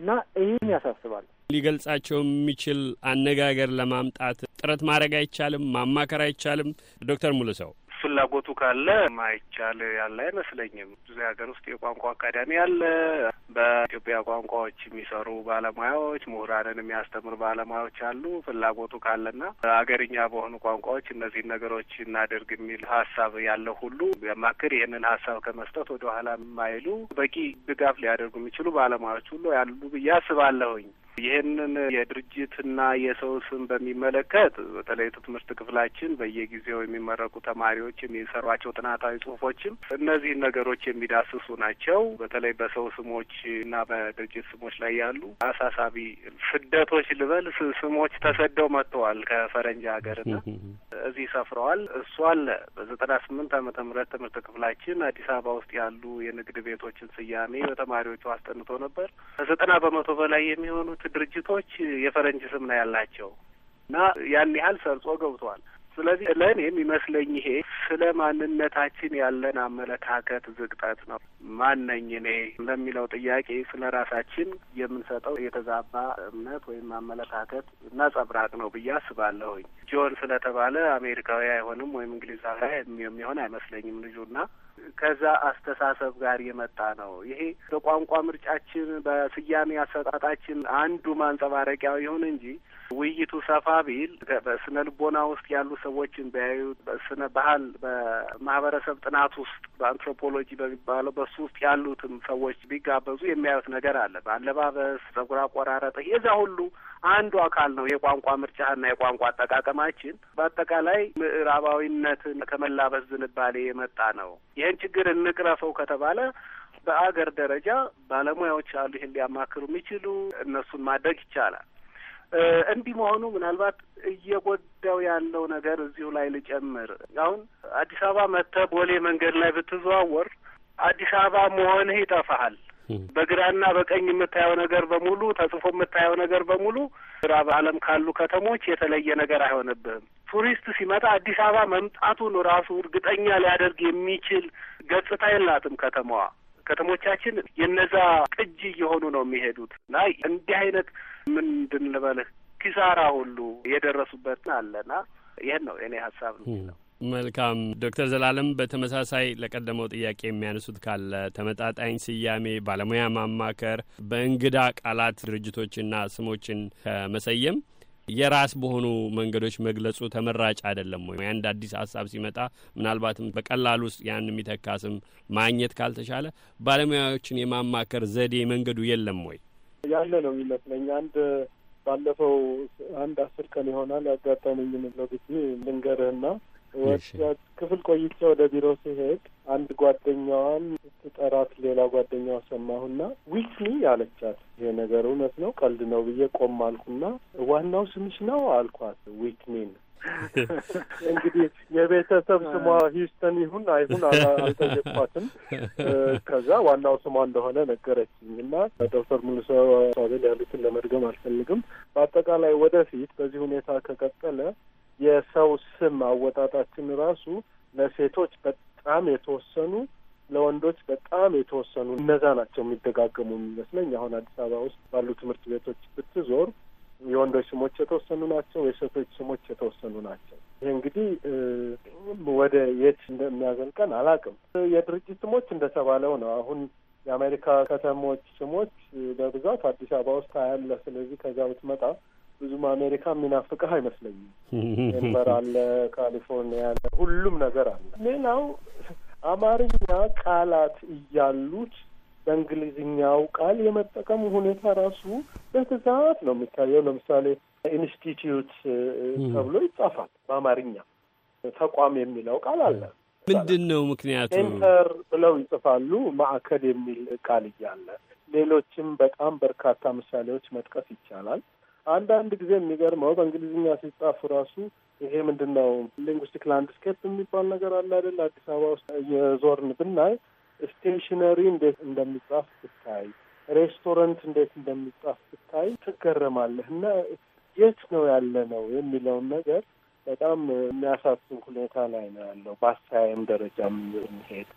እና ይህም ያሳስባል። ሊገልጻቸው የሚችል አነጋገር ለማምጣት ጥረት ማድረግ አይቻልም፣ ማማከር አይቻልም። ዶክተር ሙሉ ሰው ፍላጎቱ ካለ ማይቻል ያለ አይመስለኝም። ብዙ ሀገር ውስጥ የቋንቋ አካዳሚ አለ። በኢትዮጵያ ቋንቋዎች የሚሰሩ ባለሙያዎች፣ ምሁራንን የሚያስተምር ባለሙያዎች አሉ። ፍላጎቱ ካለና አገርኛ በሆኑ ቋንቋዎች እነዚህን ነገሮች እናደርግ የሚል ሀሳብ ያለው ሁሉ ማክር ይህንን ሀሳብ ከመስጠት ወደ ኋላ የማይሉ በቂ ድጋፍ ሊያደርጉ የሚችሉ ባለሙያዎች ሁሉ ያሉ ብዬ አስባለሁኝ። ይህንን የድርጅትና የሰው ስም በሚመለከት በተለይ ትምህርት ክፍላችን በየጊዜው የሚመረቁ ተማሪዎች የሚሰሯቸው ጥናታዊ ጽሁፎችም እነዚህን ነገሮች የሚዳስሱ ናቸው። በተለይ በሰው ስሞች እና በድርጅት ስሞች ላይ ያሉ አሳሳቢ ስደቶች ልበል ስሞች ተሰደው መጥተዋል ከፈረንጅ ሀገርና እዚህ ሰፍረዋል። እሱ አለ በዘጠና ስምንት ዓመተ ምህረት ትምህርት ክፍላችን አዲስ አበባ ውስጥ ያሉ የንግድ ቤቶችን ስያሜ በተማሪዎቹ አስጠንቶ ነበር። ከዘጠና በመቶ በላይ የሚሆኑት ድርጅቶች የፈረንጅ ስም ነው ያላቸው እና ያን ያህል ሰርጾ ገብቷል። ስለዚህ ለእኔ የሚመስለኝ ይሄ ስለ ማንነታችን ያለን አመለካከት ዝቅጠት ነው። ነኝ እኔ ለሚለው ጥያቄ ስለ ራሳችን የምንሰጠው የተዛባ እምነት ወይም አመለካከት ነጸብራቅ ነው ብዬ አስባለሁኝ። ጆን ስለተባለ አሜሪካዊ አይሆንም ወይም እንግሊዛዊ የሚሆን አይመስለኝም ልጁና ከዛ አስተሳሰብ ጋር የመጣ ነው። ይሄ በቋንቋ ምርጫችን፣ በስያሜ አሰጣጣችን አንዱ ማንጸባረቂያ ይሁን እንጂ ውይይቱ ሰፋ ቢል በስነ ልቦና ውስጥ ያሉ ሰዎችን ቢያዩ፣ በስነ ባህል በማህበረሰብ ጥናት ውስጥ በአንትሮፖሎጂ በሚባለው በሱ ውስጥ ያሉትም ሰዎች ቢጋበዙ የሚያዩት ነገር አለ። በአለባበስ፣ ጸጉር አቆራረጥ የዛ ሁሉ አንዱ አካል ነው የቋንቋ ምርጫና የቋንቋ አጠቃቀማችን በአጠቃላይ ምዕራባዊነትን ከመላበስ ዝንባሌ የመጣ ነው። ይህን ችግር እንቅረፈው ከተባለ በአገር ደረጃ ባለሙያዎች አሉ፣ ይህን ሊያማክሩ የሚችሉ እነሱን ማድረግ ይቻላል። እንዲህ መሆኑ ምናልባት እየጎዳው ያለው ነገር እዚሁ ላይ ልጨምር። አሁን አዲስ አበባ መጥተህ ቦሌ መንገድ ላይ ብትዘዋወር አዲስ አበባ መሆንህ ይጠፋሃል። በግራና በቀኝ የምታየው ነገር በሙሉ ተጽፎ የምታየው ነገር በሙሉ ምዕራብ ዓለም ካሉ ከተሞች የተለየ ነገር አይሆንብህም። ቱሪስት ሲመጣ አዲስ አበባ መምጣቱን ራሱ እርግጠኛ ሊያደርግ የሚችል ገጽታ የላትም ከተማዋ። ከተሞቻችን የነዛ ቅጂ እየሆኑ ነው የሚሄዱት እና እንዲህ አይነት ምንድን ልበልህ ኪሳራ ሁሉ የደረሱበት አለና ይህን ነው የኔ ሀሳብ ነው። መልካም ዶክተር ዘላለም በተመሳሳይ ለቀደመው ጥያቄ የሚያነሱት ካለ ተመጣጣኝ ስያሜ፣ ባለሙያ ማማከር፣ በእንግዳ ቃላት ድርጅቶችና ስሞችን ከመሰየም የራስ በሆኑ መንገዶች መግለጹ ተመራጭ አይደለም ወይ? አንድ አዲስ ሀሳብ ሲመጣ ምናልባትም በቀላሉ ውስጥ ያን የሚተካ ስም ማግኘት ካልተቻለ ባለሙያዎችን የማማከር ዘዴ መንገዱ የለም ወይ? ያለ ነው ይመስለኝ። አንድ ባለፈው አንድ አስር ቀን ይሆናል ያጋጠመኝ ነው ጊዜ ልንገርህና ክፍል ቆይቼ ወደ ቢሮ ሲሄድ አንድ ጓደኛዋን ስትጠራት ሌላ ጓደኛዋ ሰማሁና ዊክሊ አለቻት። ይሄ ነገር እውነት ነው ቀልድ ነው ብዬ ቆም አልኩና ዋናው ስምሽ ነው አልኳት ዊክኒን። እንግዲህ የቤተሰብ ስሟ ሂውስተን ይሁን አይሁን አልጠየቅኳትም። ከዛ ዋናው ስሟ እንደሆነ ነገረችኝ እና ዶክተር ሙሉሰ ሳቤል ያሉትን ለመድገም አልፈልግም። በአጠቃላይ ወደፊት በዚህ ሁኔታ ከቀጠለ የሰው ስም አወጣጣችን ራሱ ለሴቶች በጣም የተወሰኑ ለወንዶች በጣም የተወሰኑ እነዛ ናቸው የሚደጋገሙ የሚመስለኝ። አሁን አዲስ አበባ ውስጥ ባሉ ትምህርት ቤቶች ብትዞር የወንዶች ስሞች የተወሰኑ ናቸው፣ የሴቶች ስሞች የተወሰኑ ናቸው። ይሄ እንግዲህ ወደ የት እንደሚያዘልቀን አላውቅም። የድርጅት ስሞች እንደተባለው ነው። አሁን የአሜሪካ ከተሞች ስሞች በብዛት አዲስ አበባ ውስጥ አያለ። ስለዚህ ከዛ ብትመጣ ብዙም አሜሪካ የሚናፍቅህ አይመስለኝም። ዴንቨር አለ፣ ካሊፎርኒያ አለ፣ ሁሉም ነገር አለ። ሌላው አማርኛ ቃላት እያሉት በእንግሊዝኛው ቃል የመጠቀሙ ሁኔታ ራሱ በብዛት ነው የሚታየው። ለምሳሌ ኢንስቲትዩት ተብሎ ይጻፋል በአማርኛ ተቋም የሚለው ቃል አለ። ምንድን ነው ምክንያቱ? ሴንተር ብለው ይጽፋሉ ማዕከል የሚል ቃል እያለ ሌሎችም በጣም በርካታ ምሳሌዎች መጥቀስ ይቻላል። አንዳንድ ጊዜ የሚገርመው በእንግሊዝኛ ሲጻፍ ራሱ ይሄ ምንድን ነው ሊንጉስቲክ ላንድስኬፕ የሚባል ነገር አለ አይደል? አዲስ አበባ ውስጥ የዞርን ብናይ ስቴሽነሪ እንዴት እንደሚጻፍ ብታይ፣ ሬስቶራንት እንዴት እንደሚጻፍ ብታይ ትገረማለህ። እና የት ነው ያለ ነው የሚለውን ነገር በጣም የሚያሳስብ ሁኔታ ላይ ነው ያለው። በአስተያየም ደረጃ የሚሄድ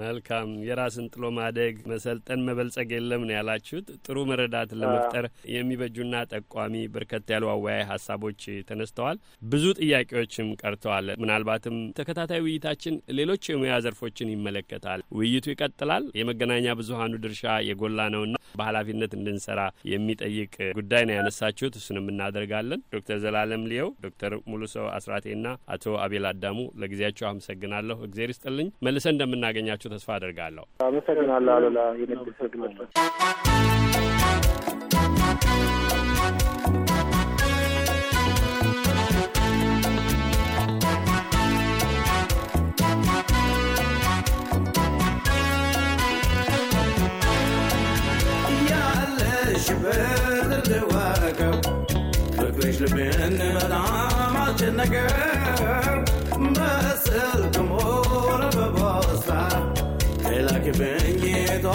መልካም የራስን ጥሎ ማደግ መሰልጠን መበልጸግ የለም ነው ያላችሁት። ጥሩ መረዳትን ለመፍጠር የሚበጁና ጠቋሚ በርከት ያሉ አወያይ ሀሳቦች ተነስተዋል። ብዙ ጥያቄዎችም ቀርተዋል። ምናልባትም ተከታታይ ውይይታችን ሌሎች የሙያ ዘርፎችን ይመለከታል። ውይይቱ ይቀጥላል። የመገናኛ ብዙሀኑ ድርሻ የጎላ ነውና በኃላፊነት እንድንሰራ የሚጠይቅ ጉዳይ ነው ያነሳችሁት። እሱንም እናደርጋለን። ዶክተር ዘላለም ሊየው፣ ዶክተር ሙሉሰው አስራቴና አቶ አቤል አዳሙ ለጊዜያቸው አመሰግናለሁ። እግዜር ይስጥልኝ። መልሰን እንደምናገኛ እንደምታገኛቸው ተስፋ አደርጋለሁ። አመሰግናለሁ አሉላ የንግድ I'll መኝቷ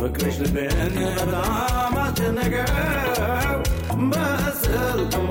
ፍቅርሽ ልቤን በጣም አስጨነቀው በስልክም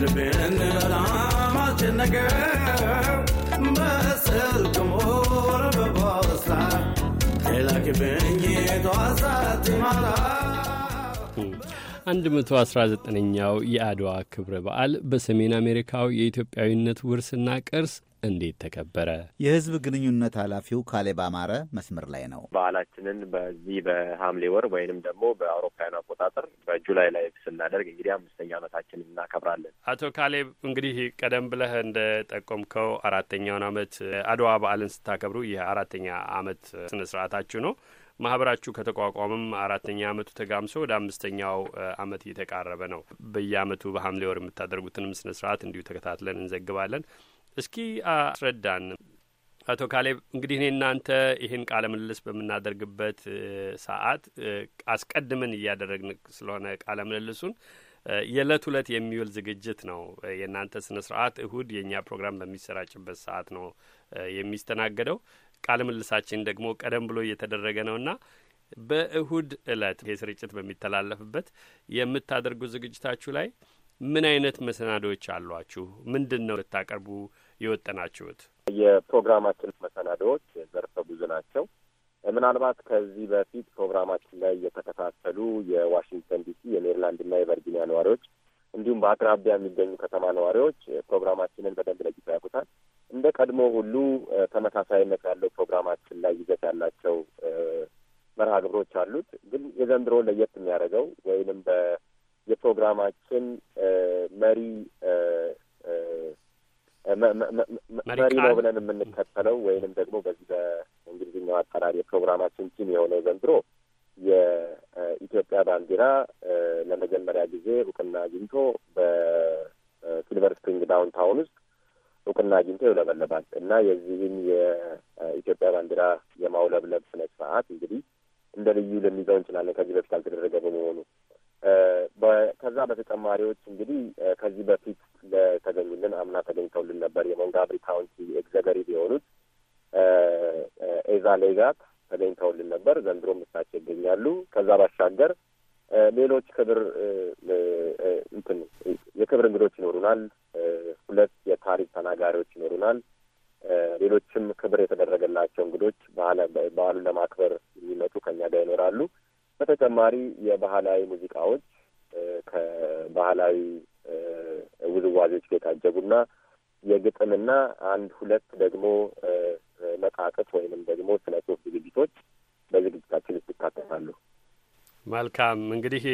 ልቤን በጣም በስልክ ሞር በፖስታ የላክብኝ ማታ 119ኛው የአድዋ ክብረ በዓል በሰሜን አሜሪካው የኢትዮጵያዊነት ውርስና ቅርስ እንዴት ተከበረ? የህዝብ ግንኙነት ኃላፊው ካሌብ አማረ መስመር ላይ ነው። በዓላችንን በዚህ በሐምሌ ወር ወይንም ደግሞ በአውሮፓውያኑ አቆጣጠር በጁላይ ላይ ስናደርግ እንግዲህ አምስተኛ ዓመታችን እናከብራለን። አቶ ካሌብ እንግዲህ ቀደም ብለህ እንደ ጠቆምከው አራተኛውን ዓመት አድዋ በዓልን ስታከብሩ ይህ አራተኛ ዓመት ስነ ስርዓታችሁ ነው። ማህበራችሁ ከተቋቋመም አራተኛ ዓመቱ ተጋምሶ ወደ አምስተኛው ዓመት እየተቃረበ ነው። በየዓመቱ በሐምሌ ወር የምታደርጉትንም ስነ ስርዓት እንዲሁ ተከታትለን እንዘግባለን። እስኪ አስረዳን አቶ ካሌብ እንግዲህ እኔ እናንተ ይህን ቃለ ምልልስ በምናደርግበት ሰዓት አስቀድመን እያደረግን ስለሆነ ቃለ ምልልሱን የዕለት ሁለት የሚውል ዝግጅት ነው። የእናንተ ስነ ስርዓት እሁድ የእኛ ፕሮግራም በሚሰራጭበት ሰዓት ነው የሚስተናገደው። ቃለ ምልልሳችን ደግሞ ቀደም ብሎ እየተደረገ ነውና በእሁድ እለት ይህ ስርጭት በሚተላለፍበት የምታደርጉ ዝግጅታችሁ ላይ ምን አይነት መሰናዶዎች አሏችሁ? ምንድን ነው ልታቀርቡ የወጠናችሁት? የፕሮግራማችን መሰናዶዎች ዘርፈ ብዙ ናቸው። ምናልባት ከዚህ በፊት ፕሮግራማችን ላይ የተከታተሉ የዋሽንግተን ዲሲ፣ ና የቨርጂኒያ ነዋሪዎች እንዲሁም በአቅራቢያ የሚገኙ ከተማ ነዋሪዎች ፕሮግራማችንን በደንብ ለይተው ያውቁታል። እንደ ቀድሞ ሁሉ ተመሳሳይነት ያለው ፕሮግራማችን ላይ ይዘት ያላቸው መርሃ ግብሮች አሉት። ግን የዘንድሮ ለየት የሚያደርገው ወይንም የፕሮግራማችን መሪ መሪ ነው ብለን የምንከተለው ወይንም ደግሞ በዚህ በእንግሊዝኛው አጠራር የፕሮግራማችን ቲም የሆነው ዘንድሮ የኢትዮጵያ ባንዲራ ለመጀመሪያ ጊዜ እውቅና አግኝቶ በሲልቨር ስፕሪንግ ዳውንታውን ውስጥ እውቅና አግኝቶ ይውለበለባል እና የዚህም የኢትዮጵያ ባንዲራ የማውለብለብ ስነ ስርዓት እንግዲህ እንደ ልዩ ልንይዘው እንችላለን ከዚህ በፊት አልተደረገ በመሆኑ ከዛ በተጨማሪዎች እንግዲህ ከዚህ በፊት ለተገኙልን አምና ተገኝተውልን ነበር የሞንጋብሪ ካውንቲ ኤግዘገሪቭ የሆኑት ኤዛ ሌጋት ተገኝተውልን ነበር። ዘንድሮም እሳቸው ይገኛሉ። ከዛ ባሻገር ሌሎች ክብር እንትን የክብር እንግዶች ይኖሩናል። ሁለት የታሪክ ተናጋሪዎች ይኖሩናል። ሌሎችም ክብር የተደረገላቸው እንግዶች በዓሉን ለማክበር የሚመጡ ከኛ ጋር ይኖራሉ። በተጨማሪ የባህላዊ ሙዚቃዎች ከባህላዊ ውዝዋዜዎች የታጀቡና የግጥምና አንድ ሁለት ደግሞ መጣጥፍ ወይንም ደግሞ ስነ ጽሁፍ ዝግጅቶች በዝግጅታችን ውስጥ ይካተታሉ። መልካም እንግዲህ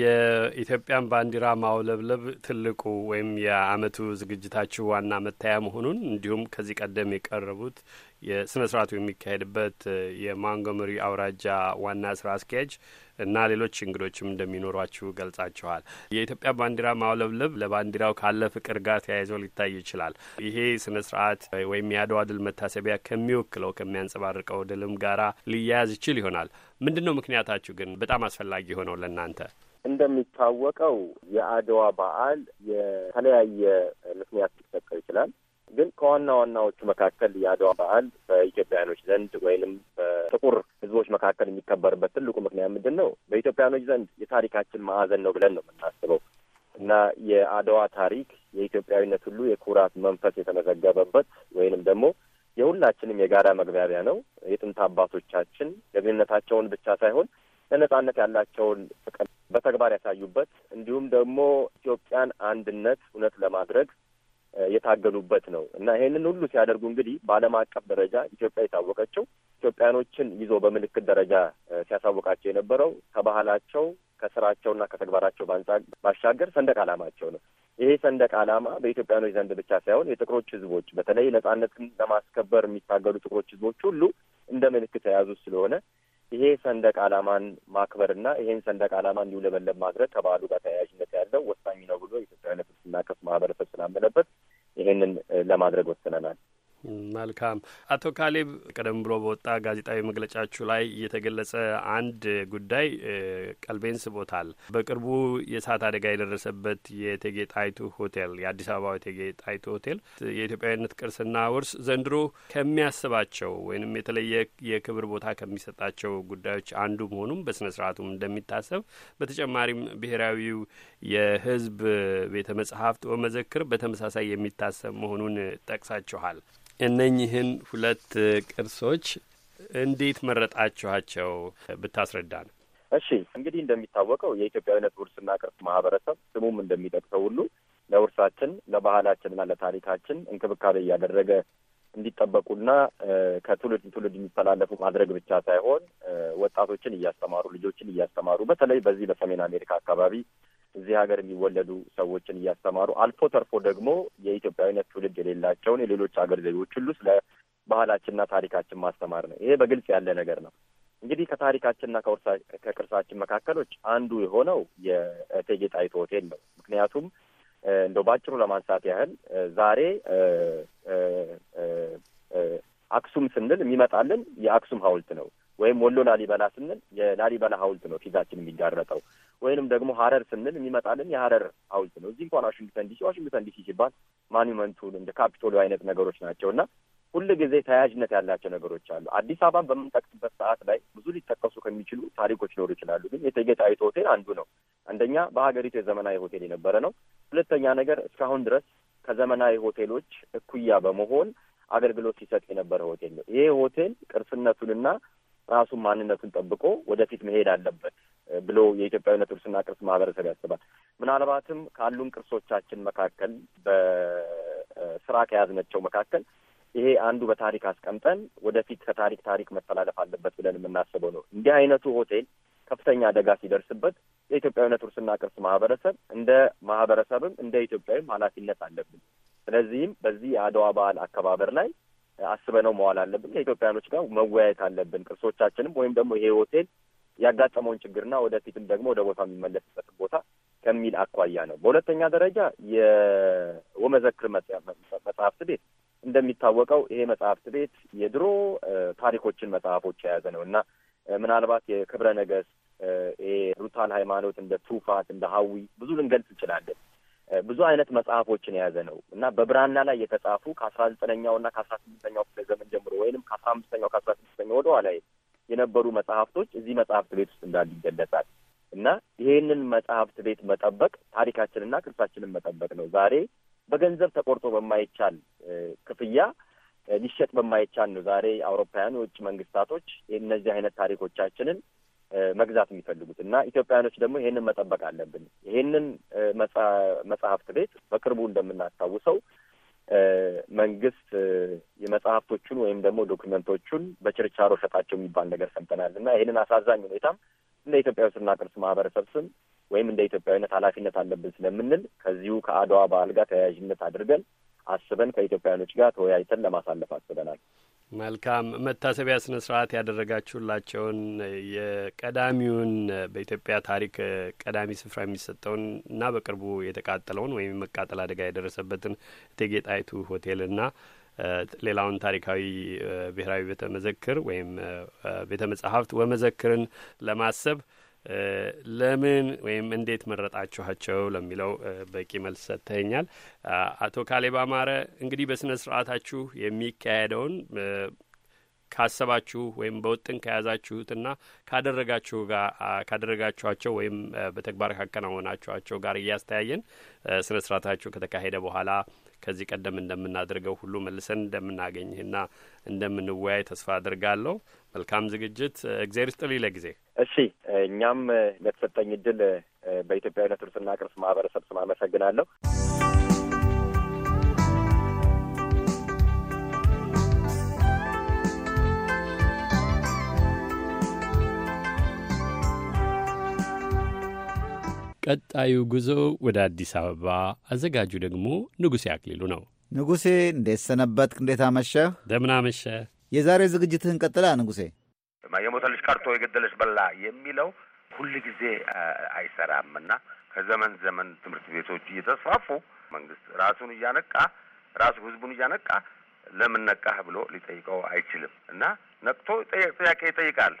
የኢትዮጵያን ባንዲራ ማውለብለብ ትልቁ ወይም የአመቱ ዝግጅታችሁ ዋና መታያ መሆኑን እንዲሁም ከዚህ ቀደም የቀረቡት የስነ ስርአቱ የሚካሄድበት የማንጎመሪ አውራጃ ዋና ስራ አስኪያጅ እና ሌሎች እንግዶችም እንደሚኖሯችሁ ገልጻችኋል። የኢትዮጵያ ባንዲራ ማውለብለብ ለባንዲራው ካለ ፍቅር ጋር ተያይዞ ሊታይ ይችላል። ይሄ ስነ ስርአት ወይም የአድዋ ድል መታሰቢያ ከሚወክለው ከሚያንጸባርቀው ድልም ጋራ ሊያያዝ ይችል ይሆናል። ምንድን ነው ምክንያታችሁ ግን በጣም አስፈላጊ የሆነው ለእናንተ? እንደሚታወቀው የአድዋ በዓል የተለያየ ምክንያት ሊፈጠር ይችላል። ግን ከዋና ዋናዎቹ መካከል የአድዋ በዓል በኢትዮጵያውያኖች ዘንድ ወይንም በጥቁር ሕዝቦች መካከል የሚከበርበት ትልቁ ምክንያት ምንድን ነው? በኢትዮጵያውያኖች ዘንድ የታሪካችን ማዕዘን ነው ብለን ነው የምናስበው እና የአድዋ ታሪክ የኢትዮጵያዊነት ሁሉ የኩራት መንፈስ የተመዘገበበት ወይንም ደግሞ የሁላችንም የጋራ መግባቢያ ነው። የጥንት አባቶቻችን ጀግንነታቸውን ብቻ ሳይሆን ለነጻነት ያላቸውን ፍቅር በተግባር ያሳዩበት እንዲሁም ደግሞ ኢትዮጵያን አንድነት እውነት ለማድረግ የታገሉበት ነው እና ይሄንን ሁሉ ሲያደርጉ እንግዲህ በዓለም አቀፍ ደረጃ ኢትዮጵያ የታወቀችው ኢትዮጵያኖችን ይዞ በምልክት ደረጃ ሲያሳውቃቸው የነበረው ከባህላቸው ከስራቸውና ከተግባራቸው ባሻገር ሰንደቅ ዓላማቸው ነው። ይሄ ሰንደቅ ዓላማ በኢትዮጵያኖች ዘንድ ብቻ ሳይሆን የጥቁሮች ሕዝቦች በተለይ ነጻነትን ለማስከበር የሚታገሉ ጥቁሮች ሕዝቦች ሁሉ እንደ ምልክት የያዙ ስለሆነ ይሄ ሰንደቅ ዓላማን ማክበርና ይሄን ሰንደቅ ዓላማ እንዲውለበለብ ማድረግ ከበዓሉ ጋር ተያያዥነት ያለው ወሳኝ ነው ብሎ የኢትዮጵያ ነፍስና ከፍ ማህበረሰብ ስላመነበት ይሄንን ለማድረግ ወስነናል። መልካም አቶ ካሌብ ቀደም ብሎ በወጣ ጋዜጣዊ መግለጫችሁ ላይ የተገለጸ አንድ ጉዳይ ቀልቤን ስቦታል። በቅርቡ የእሳት አደጋ የደረሰበት የእቴጌ ጣይቱ ሆቴል የአዲስ አበባ እቴጌ ጣይቱ ሆቴል የኢትዮጵያዊነት ቅርስና ውርስ ዘንድሮ ከሚያስባቸው ወይንም የተለየ የክብር ቦታ ከሚሰጣቸው ጉዳዮች አንዱ መሆኑም በስነ ስርአቱም እንደሚታሰብ በተጨማሪም ብሔራዊው የህዝብ ቤተ መጽሀፍት ወመዘክር በተመሳሳይ የሚታሰብ መሆኑን ጠቅሳችኋል። እነኚህን ሁለት ቅርሶች እንዴት መረጣችኋቸው ብታስረዳ እሺ እንግዲህ እንደሚታወቀው የኢትዮጵያዊነት ውርስና ቅርስ ማህበረሰብ ስሙም እንደሚጠቅሰው ሁሉ ለውርሳችን ለባህላችንና ለታሪካችን እንክብካቤ እያደረገ እንዲጠበቁና ከትውልድ ትውልድ የሚተላለፉ ማድረግ ብቻ ሳይሆን ወጣቶችን እያስተማሩ ልጆችን እያስተማሩ በተለይ በዚህ በሰሜን አሜሪካ አካባቢ እዚህ ሀገር የሚወለዱ ሰዎችን እያስተማሩ አልፎ ተርፎ ደግሞ የኢትዮጵያዊነት ትውልድ የሌላቸውን የሌሎች ሀገር ዜጎች ሁሉ ስለ ባህላችንና ታሪካችን ማስተማር ነው። ይሄ በግልጽ ያለ ነገር ነው። እንግዲህ ከታሪካችንና ከቅርሳችን መካከሎች አንዱ የሆነው የእቴጌ ጣይቱ ሆቴል ነው። ምክንያቱም እንደው ባጭሩ ለማንሳት ያህል ዛሬ አክሱም ስንል የሚመጣልን የአክሱም ሐውልት ነው ወይም ወሎ ላሊበላ ስንል የላሊበላ ሐውልት ነው ፊዛችን የሚጋረጠው። ወይንም ደግሞ ሀረር ስንል የሚመጣልን የሀረር ሀውልት ነው። እዚህ እንኳን ዋሽንግተን ዲሲ ዋሽንግተን ዲሲ ሲባል ማኒመንቱን እንደ ካፒቶሉ አይነት ነገሮች ናቸው እና ሁል ጊዜ ተያያዥነት ያላቸው ነገሮች አሉ። አዲስ አበባን በምንጠቅስበት ሰዓት ላይ ብዙ ሊጠቀሱ ከሚችሉ ታሪኮች ሊኖሩ ይችላሉ። ግን የእቴጌ ጣይቱ ሆቴል አንዱ ነው። አንደኛ በሀገሪቱ የዘመናዊ ሆቴል የነበረ ነው። ሁለተኛ ነገር እስካሁን ድረስ ከዘመናዊ ሆቴሎች እኩያ በመሆን አገልግሎት ሲሰጥ የነበረ ሆቴል ነው። ይሄ ሆቴል ቅርስነቱንና ራሱን ማንነቱን ጠብቆ ወደፊት መሄድ አለበት ብሎ የኢትዮጵያዊነት ውርስና ቅርስ ማህበረሰብ ያስባል። ምናልባትም ካሉን ቅርሶቻችን መካከል በስራ ከያዝነቸው መካከል ይሄ አንዱ በታሪክ አስቀምጠን ወደፊት ከታሪክ ታሪክ መተላለፍ አለበት ብለን የምናስበው ነው። እንዲህ አይነቱ ሆቴል ከፍተኛ አደጋ ሲደርስበት የኢትዮጵያዊነት ውርስና ቅርስ ማህበረሰብ እንደ ማህበረሰብም እንደ ኢትዮጵያዊም ኃላፊነት አለብን። ስለዚህም በዚህ የአድዋ በዓል አከባበር ላይ አስበነው መዋል አለብን። ከኢትዮጵያኖች ጋር መወያየት አለብን። ቅርሶቻችንም ወይም ደግሞ ይሄ ሆቴል ያጋጠመውን ችግርና ወደፊትም ደግሞ ወደ ቦታ የሚመለስበት ቦታ ከሚል አኳያ ነው። በሁለተኛ ደረጃ የወመዘክር መጽሐፍት ቤት እንደሚታወቀው ይሄ መጽሐፍት ቤት የድሮ ታሪኮችን መጽሐፎች የያዘ ነው እና ምናልባት የክብረ ነገስት ይሄ ሩታል ሃይማኖት እንደ ቱፋት እንደ ሀዊ ብዙ ልንገልጽ እንችላለን። ብዙ አይነት መጽሐፎችን የያዘ ነው እና በብራና ላይ የተጻፉ ከአስራ ዘጠነኛው እና ከአስራ ስምንተኛው ክፍለ ዘመን ጀምሮ ወይንም ከአስራ አምስተኛው ከአስራ ስድስተኛው ወደ ኋላ የነበሩ መጽሐፍቶች እዚህ መጽሐፍት ቤት ውስጥ እንዳሉ ይገለጻል እና ይሄንን መጽሐፍት ቤት መጠበቅ ታሪካችንና ቅርሳችንን መጠበቅ ነው። ዛሬ በገንዘብ ተቆርጦ በማይቻል ክፍያ ሊሸጥ በማይቻል ነው ዛሬ አውሮፓውያኑ የውጭ መንግስታቶች እነዚህ አይነት ታሪኮቻችንን መግዛት የሚፈልጉት እና ኢትዮጵያውያኖች ደግሞ ይሄንን መጠበቅ አለብን። ይሄንን መጽሐፍት ቤት በቅርቡ እንደምናስታውሰው መንግስት የመጽሐፍቶቹን ወይም ደግሞ ዶክመንቶቹን በችርቻሮ ሸጣቸው የሚባል ነገር ሰምተናል እና ይህንን አሳዛኝ ሁኔታም እንደ ኢትዮጵያ ስና ቅርስ ማህበረሰብ ስም ወይም እንደ ኢትዮጵያዊነት ኃላፊነት አለብን ስለምንል ከዚሁ ከአድዋ በዓል ጋር ተያያዥነት አድርገን አስበን ከኢትዮጵያውያኖች ጋር ተወያይተን ለማሳለፍ አስበናል። መልካም መታሰቢያ ስነ ስርዓት ያደረጋችሁላቸውን የቀዳሚውን በኢትዮጵያ ታሪክ ቀዳሚ ስፍራ የሚሰጠውን እና በቅርቡ የተቃጠለውን ወይም መቃጠል አደጋ የደረሰበትን እቴጌ ጣይቱ ሆቴልና ሌላውን ታሪካዊ ብሔራዊ ቤተ መዘክር ወይም ቤተ መጻሕፍት ወመዘክርን ለማሰብ ለምን ወይም እንዴት መረጣችኋቸው ለሚለው በቂ መልስ ሰጥተኛል። አቶ ካሌብ አማረ እንግዲህ በስነ ስርአታችሁ የሚካሄደውን ካሰባችሁ ወይም በውጥን ከያዛችሁትና ካደረጋችሁ ጋር ካደረጋችኋቸው ወይም በተግባር ካከናወናችኋቸው ጋር እያስተያየን ስነ ስርአታችሁ ከተካሄደ በኋላ ከዚህ ቀደም እንደምናደርገው ሁሉ መልሰን እንደምናገኝህና እንደምንወያይ ተስፋ አድርጋለሁ። መልካም ዝግጅት። እግዜር ስጥልኝ ለጊዜ። እሺ እኛም ለተሰጠኝ እድል ዊነት ቱሪስትና ቅርስ ማህበረሰብ ስም አመሰግናለሁ። ቀጣዩ ጉዞ ወደ አዲስ አበባ፣ አዘጋጁ ደግሞ ንጉሴ አክሊሉ ነው። ንጉሴ እንዴት ሰነበትክ? እንዴት አመሸህ? ደምን አመሸህ? የዛሬ ዝግጅትህን ቀጥላ ንጉሴ። የሞተልሽ ቀርቶ የገደለሽ በላ የሚለው ሁል ጊዜ አይሰራም እና ከዘመን ዘመን ትምህርት ቤቶች እየተስፋፉ መንግስት ራሱን እያነቃ ራሱ ህዝቡን እያነቃ ለምን ነቃህ ብሎ ሊጠይቀው አይችልም እና ነቅቶ ጥያቄ ይጠይቃል።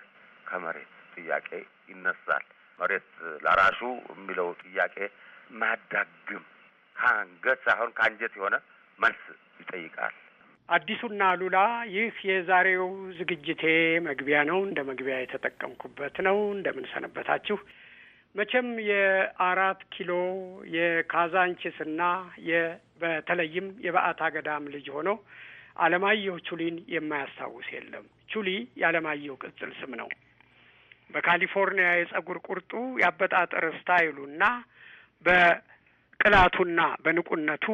ከመሬት ጥያቄ ይነሳል። መሬት ለራሱ የሚለው ጥያቄ ማዳግም ከአንገት ሳይሆን ከአንጀት የሆነ መልስ ይጠይቃል። አዲሱና ሉላ ይህ የዛሬው ዝግጅቴ መግቢያ ነው። እንደ መግቢያ የተጠቀምኩበት ነው። እንደምን ሰነበታችሁ? መቼም የአራት ኪሎ የካዛንቺስና በተለይም የበዓታ ገዳም ልጅ ሆኖ አለማየሁ ቹሊን የማያስታውስ የለም። ቹሊ የአለማየሁ ቅጽል ስም ነው። በካሊፎርኒያ የጸጉር ቁርጡ የአበጣጠር ስታይሉና በቅላቱና በንቁነቱ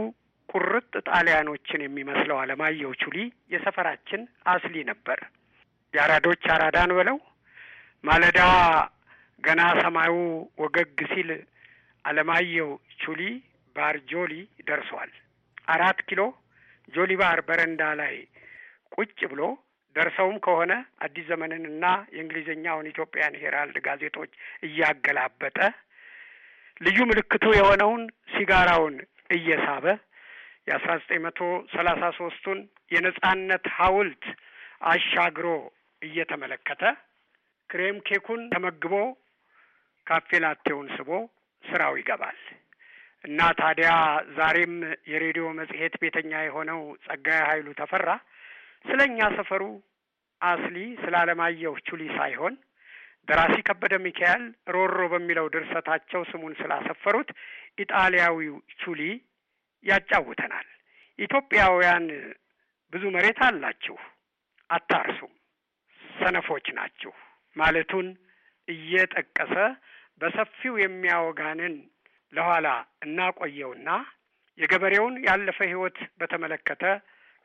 ቁርጥ ጣሊያኖችን የሚመስለው አለማየሁ ቹሊ የሰፈራችን አስሊ ነበር። የአራዶች አራዳን ብለው ማለዳ ገና ሰማዩ ወገግ ሲል አለማየሁ ቹሊ ባር ጆሊ ደርሷል። አራት ኪሎ ጆሊ ባር በረንዳ ላይ ቁጭ ብሎ ደርሰውም ከሆነ አዲስ ዘመንንና የእንግሊዝኛውን ኢትዮጵያን ሄራልድ ጋዜጦች እያገላበጠ ልዩ ምልክቱ የሆነውን ሲጋራውን እየሳበ የአስራ ዘጠኝ መቶ ሰላሳ ሶስቱን የነጻነት ሐውልት አሻግሮ እየተመለከተ ክሬም ኬኩን ተመግቦ ካፌላቴውን ስቦ ስራው ይገባል እና ታዲያ ዛሬም የሬዲዮ መጽሔት ቤተኛ የሆነው ጸጋዬ ኃይሉ ተፈራ ስለ እኛ ሰፈሩ አስሊ ስለ አለማየሁ ቹሊ ሳይሆን ደራሲ ከበደ ሚካኤል ሮሮ በሚለው ድርሰታቸው ስሙን ስላሰፈሩት ኢጣሊያዊው ቹሊ ያጫውተናል። ኢትዮጵያውያን ብዙ መሬት አላችሁ፣ አታርሱም፣ ሰነፎች ናችሁ ማለቱን እየጠቀሰ በሰፊው የሚያወጋንን ለኋላ እናቆየውና የገበሬውን ያለፈ ሕይወት በተመለከተ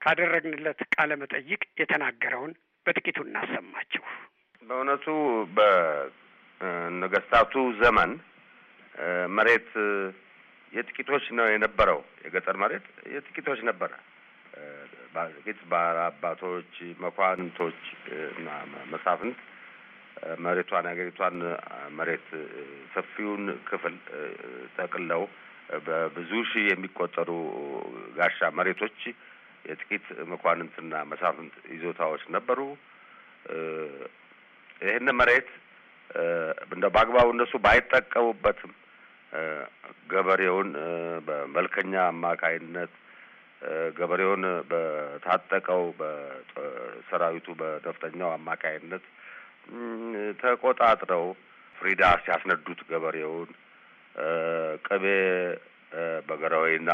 ካደረግንለት ቃለ መጠይቅ የተናገረውን በጥቂቱ እናሰማችሁ። በእውነቱ በነገስታቱ ዘመን መሬት የጥቂቶች ነው የነበረው። የገጠር መሬት የጥቂቶች ነበረ። ጥቂት አባቶች፣ መኳንንቶች እና መሳፍንት መሬቷን የሀገሪቷን መሬት ሰፊውን ክፍል ጠቅለው በብዙ ሺህ የሚቆጠሩ ጋሻ መሬቶች የጥቂት መኳንንትና መሳፍንት ይዞታዎች ነበሩ። ይህን መሬት እንደ በአግባቡ እነሱ ባይጠቀሙበትም ገበሬውን በመልከኛ አማካይነት ገበሬውን በታጠቀው በሰራዊቱ በነፍጠኛው አማካይነት ተቆጣጥረው ፍሪዳ ሲያስነዱት ገበሬውን ቅቤ በገረወይና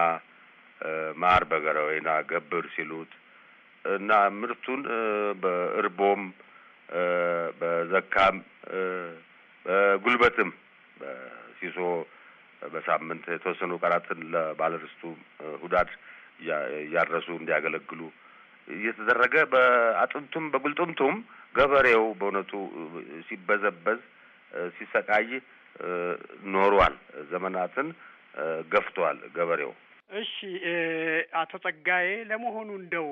ማር በገረወይና ገብር ሲሉት እና ምርቱን በእርቦም በዘካም በጉልበትም በሲሶ በሳምንት የተወሰኑ ቀናትን ለባለርስቱ ሁዳድ እያድረሱ እንዲያገለግሉ እየተደረገ በአጥንቱም በጉልጥምቱም ገበሬው በእውነቱ ሲበዘበዝ ሲሰቃይ ኖሯል። ዘመናትን ገፍቷል ገበሬው። እሺ አቶ ጸጋዬ፣ ለመሆኑ እንደው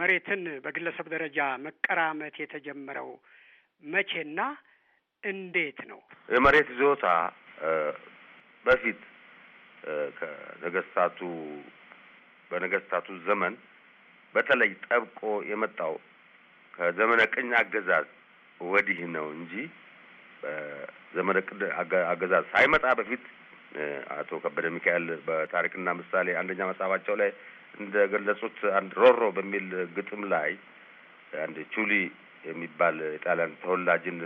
መሬትን በግለሰብ ደረጃ መቀራመት የተጀመረው መቼና እንዴት ነው? የመሬት ይዞታ በፊት ከነገስታቱ በነገስታቱ ዘመን በተለይ ጠብቆ የመጣው ከዘመነ ቅኝ አገዛዝ ወዲህ ነው እንጂ በዘመነ ቅድ አገዛዝ ሳይመጣ በፊት አቶ ከበደ ሚካኤል በታሪክና ምሳሌ አንደኛ መጽሐፋቸው ላይ እንደ ገለጹት አንድ ሮሮ በሚል ግጥም ላይ አንድ ቹሊ የሚባል የጣሊያን ተወላጅን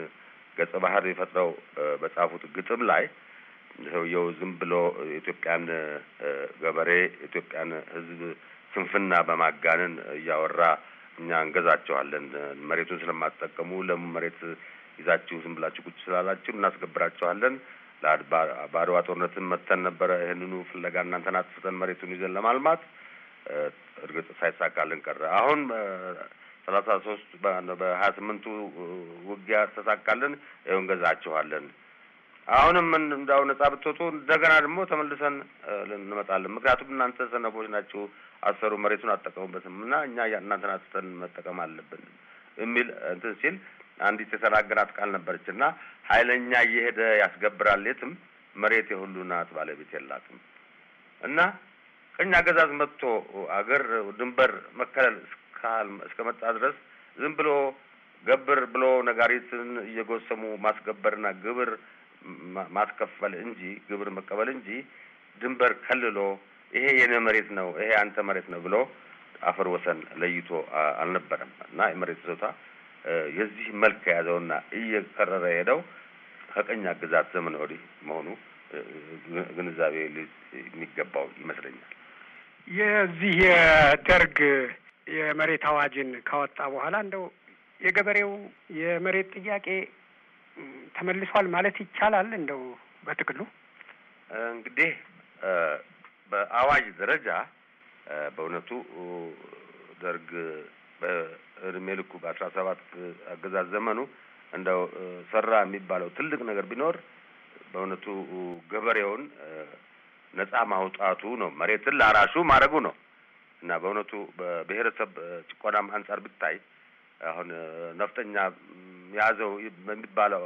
ገጸ ባህር የፈጥረው በጻፉት ግጥም ላይ ሰውየው ዝም ብሎ የኢትዮጵያን ገበሬ የኢትዮጵያን ህዝብ ስንፍና በማጋነን እያወራ እኛ እንገዛቸዋለን፣ መሬቱን ስለማትጠቀሙ ለምን መሬት ይዛችሁ ዝም ብላችሁ ቁጭ ስላላችሁ እናስገብራቸዋለን በአድዋ ጦርነትን መተን ነበረ። ይህንኑ ፍለጋ እናንተን አትፍተን መሬቱን ይዘን ለማልማት እርግጥ ሳይሳካልን ቀረ። አሁን ሰላሳ ሶስት በሀያ ስምንቱ ውጊያ ተሳካልን፣ ይኸው እንገዛችኋለን አሁንም እንዳው ነጻ ብትወጡ እንደገና ደግሞ ተመልሰን እንመጣለን። ምክንያቱም እናንተ ሰነፎች ናችሁ፣ አሰሩ፣ መሬቱን አጠቀሙበትም እና እኛ እናንተን አስተን መጠቀም አለብን የሚል እንትን ሲል አንዲት የተናገራት ቃል ነበረች እና ኃይለኛ እየሄደ ያስገብራል የትም መሬት የሁሉ ናት ባለቤት የላትም እና ቅኝ አገዛዝ መጥቶ አገር ድንበር መከለል እስከ መጣ ድረስ ዝም ብሎ ገብር ብሎ ነጋሪትን እየጎሰሙ ማስገበርና ግብር ማስከፈል እንጂ ግብር መቀበል እንጂ ድንበር ከልሎ ይሄ የኔ መሬት ነው ይሄ አንተ መሬት ነው ብሎ አፈር ወሰን ለይቶ አልነበረም እና የመሬት ይዞታ የዚህ መልክ የያዘውና እየከረረ ሄደው ከቀኝ አገዛዝ ዘመን ወዲህ መሆኑ ግንዛቤ የሚገባው ይመስለኛል። የዚህ የደርግ የመሬት አዋጅን ካወጣ በኋላ እንደው የገበሬው የመሬት ጥያቄ ተመልሷል ማለት ይቻላል። እንደው በጥቅሉ እንግዲህ በአዋጅ ደረጃ በእውነቱ ደርግ በእድሜ ልኩ በአስራ ሰባት አገዛዝ ዘመኑ እንደው ሰራ የሚባለው ትልቅ ነገር ቢኖር በእውነቱ ገበሬውን ነጻ ማውጣቱ ነው፣ መሬትን ላራሹ ማድረጉ ነው እና በእውነቱ በብሔረሰብ ጭቆናም አንጻር ብታይ አሁን ነፍጠኛ የያዘው በሚባለው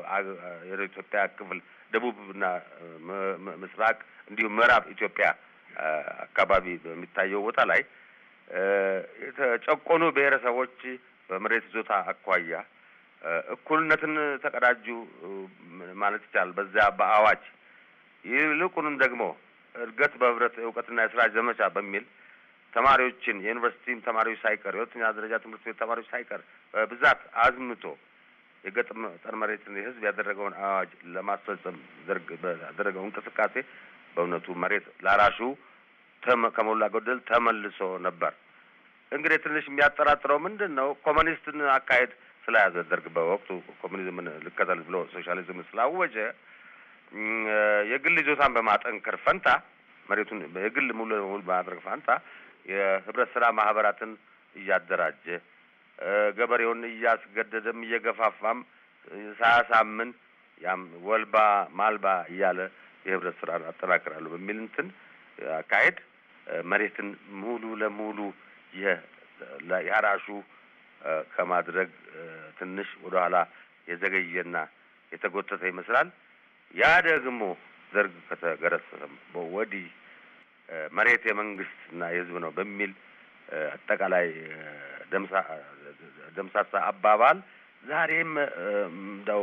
ኢትዮጵያ ክፍል ደቡብና ምስራቅ እንዲሁም ምዕራብ ኢትዮጵያ አካባቢ በሚታየው ቦታ ላይ የተጨቆኑ ብሔረሰቦች በመሬት ይዞታ አኳያ እኩልነትን ተቀዳጁ ማለት ይቻላል በዚያ በአዋጅ ይልቁንም ደግሞ እድገት በህብረት እውቀትና የስራ ዘመቻ በሚል ተማሪዎችን የዩኒቨርሲቲም ተማሪዎች ሳይቀር የሁለተኛ ደረጃ ትምህርት ቤት ተማሪዎች ሳይቀር በብዛት አዝምቶ የገጥም ጠር መሬትን የህዝብ ያደረገውን አዋጅ ለማስፈጸም ያደረገው እንቅስቃሴ በእውነቱ መሬት ላራሹ ከሞላ ጎደል ተመልሶ ነበር። እንግዲህ ትንሽ የሚያጠራጥረው ምንድን ነው? ኮሚኒስትን አካሄድ ስለያዘ ደርግ በወቅቱ ኮሚኒዝምን ልከተል ብሎ ሶሻሊዝምን ስላወጀ የግል ይዞታን በማጠንከር ፈንታ መሬቱን የግል ሙሉ ለሙሉ በማድረግ ፈንታ የህብረት ስራ ማህበራትን እያደራጀ ገበሬውን እያስገደደም እየገፋፋም ሳያሳምን ያም ወልባ ማልባ እያለ የህብረት ስራን አጠናክራለሁ በሚል እንትን አካሄድ መሬትን ሙሉ ለሙሉ የአራሹ ከማድረግ ትንሽ ወደኋላ የዘገየና የተጎተተ ይመስላል። ያ ደግሞ ዘርግ ከተገረሰሰ ወዲህ መሬት የመንግስትና የህዝብ ነው በሚል አጠቃላይ ደምሳ ደምሳሳ አባባል ዛሬም እንደው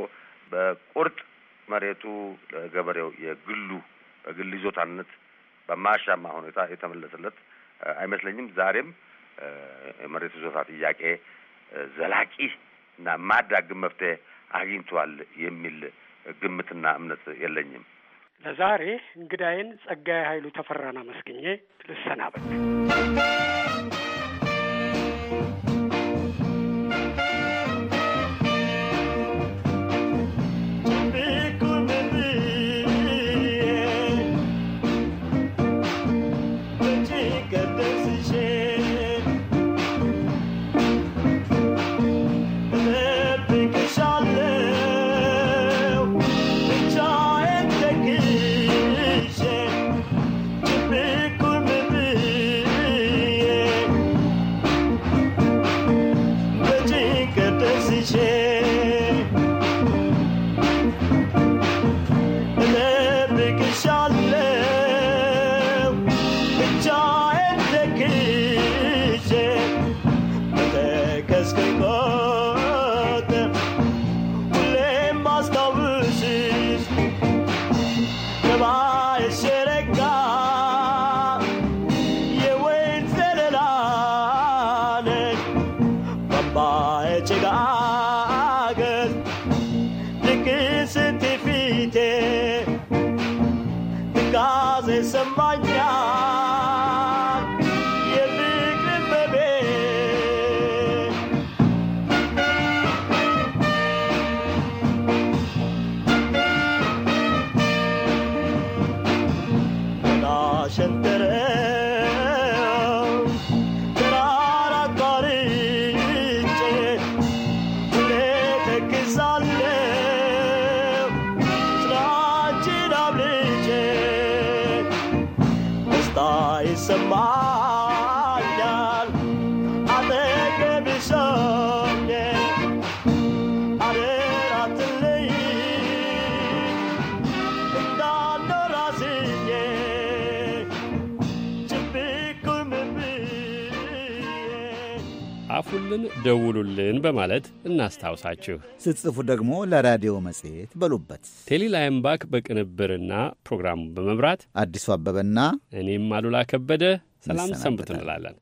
በቁርጥ መሬቱ ለገበሬው የግሉ በግል ይዞታነት በማያሻማ ሁኔታ የተመለሰለት አይመስለኝም። ዛሬም የመሬት ይዞታ ጥያቄ ዘላቂ እና ማዳግም መፍትሄ አግኝቷል የሚል ግምትና እምነት የለኝም። ለዛሬ እንግዳዬን ጸጋዬ ኃይሉ ተፈራን አመስግኜ ልሰናበት። ደውሉልን በማለት እናስታውሳችሁ። ስትጽፉ ደግሞ ለራዲዮ መጽሔት በሉበት። ቴሌ ላይምባክ በቅንብርና ፕሮግራሙ በመብራት አዲሱ አበበና እኔም አሉላ ከበደ ሰላም ሰንብት እንላለን።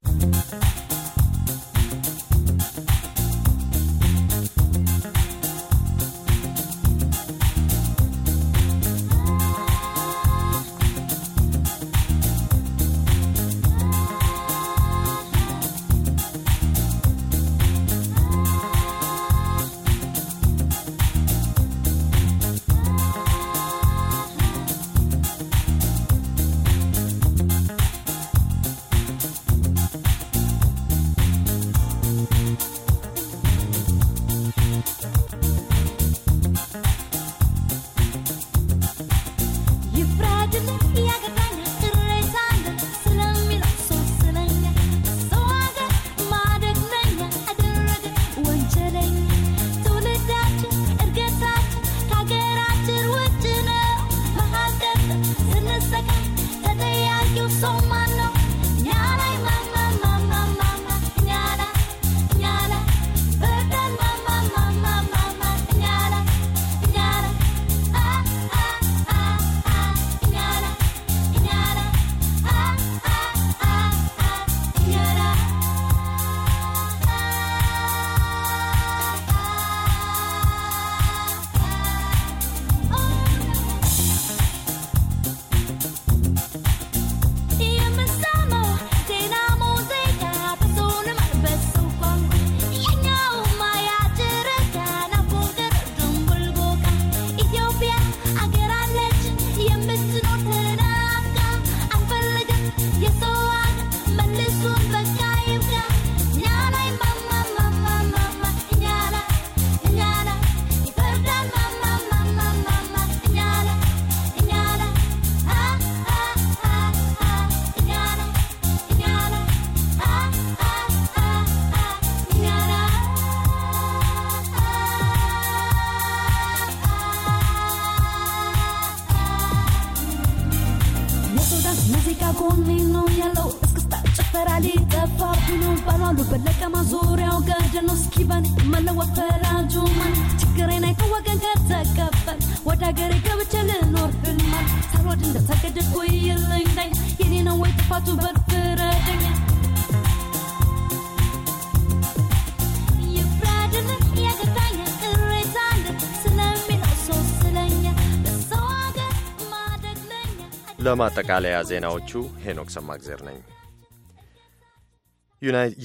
በማጠቃለያ ዜናዎቹ ሄኖክ ሰማግዜር ነኝ።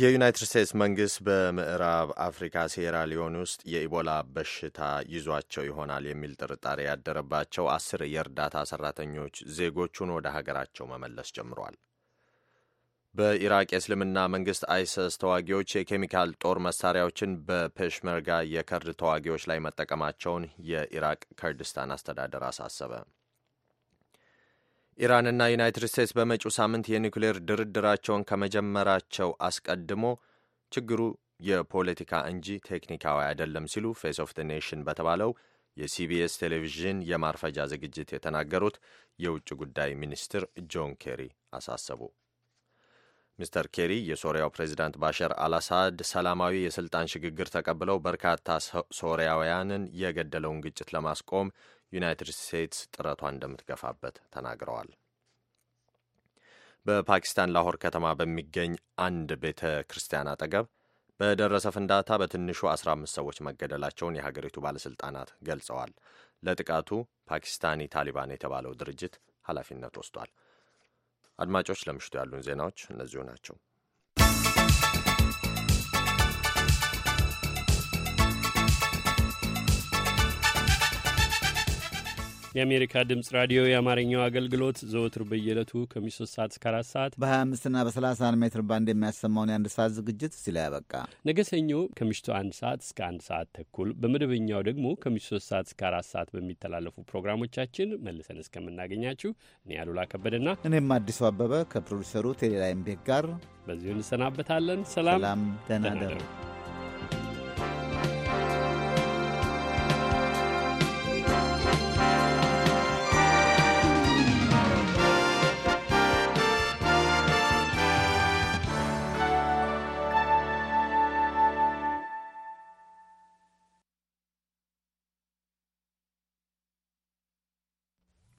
የዩናይትድ ስቴትስ መንግስት በምዕራብ አፍሪካ ሴራ ሊዮን ውስጥ የኢቦላ በሽታ ይዟቸው ይሆናል የሚል ጥርጣሬ ያደረባቸው አስር የእርዳታ ሰራተኞች ዜጎቹን ወደ ሀገራቸው መመለስ ጀምሯል። በኢራቅ የእስልምና መንግስት አይሰስ ተዋጊዎች የኬሚካል ጦር መሳሪያዎችን በፔሽመርጋ የከርድ ተዋጊዎች ላይ መጠቀማቸውን የኢራቅ ከርድስታን አስተዳደር አሳሰበ። ኢራንና ዩናይትድ ስቴትስ በመጪው ሳምንት የኒውክሌር ድርድራቸውን ከመጀመራቸው አስቀድሞ ችግሩ የፖለቲካ እንጂ ቴክኒካዊ አይደለም ሲሉ ፌስ ኦፍ ደ ኔሽን በተባለው የሲቢኤስ ቴሌቪዥን የማርፈጃ ዝግጅት የተናገሩት የውጭ ጉዳይ ሚኒስትር ጆን ኬሪ አሳሰቡ። ሚስተር ኬሪ የሶሪያው ፕሬዚዳንት ባሻር አልአሳድ ሰላማዊ የስልጣን ሽግግር ተቀብለው በርካታ ሶሪያውያንን የገደለውን ግጭት ለማስቆም ዩናይትድ ስቴትስ ጥረቷን እንደምትገፋበት ተናግረዋል። በፓኪስታን ላሆር ከተማ በሚገኝ አንድ ቤተ ክርስቲያን አጠገብ በደረሰ ፍንዳታ በትንሹ 15 ሰዎች መገደላቸውን የሀገሪቱ ባለሥልጣናት ገልጸዋል። ለጥቃቱ ፓኪስታኒ ታሊባን የተባለው ድርጅት ኃላፊነት ወስዷል። አድማጮች፣ ለምሽቱ ያሉን ዜናዎች እነዚሁ ናቸው። የአሜሪካ ድምፅ ራዲዮ የአማርኛው አገልግሎት ዘወትር በየዕለቱ ከምሽቱ ሶስት ሰዓት እስከ አራት ሰዓት በ25ና በ31 ሜትር ባንድ የሚያሰማውን የአንድ ሰዓት ዝግጅት እዚህ ላይ ያበቃ። ነገ ሰኞ ከምሽቱ አንድ ሰዓት እስከ አንድ ሰዓት ተኩል በመደበኛው ደግሞ ከምሽቱ ሶስት ሰዓት እስከ አራት ሰዓት በሚተላለፉ ፕሮግራሞቻችን መልሰን እስከምናገኛችሁ እኔ አሉላ ከበደና እኔም አዲሱ አበበ ከፕሮዲሰሩ ቴሌላይምቤክ ጋር በዚሁ እንሰናበታለን። ሰላም፣ ደህና ደሩ።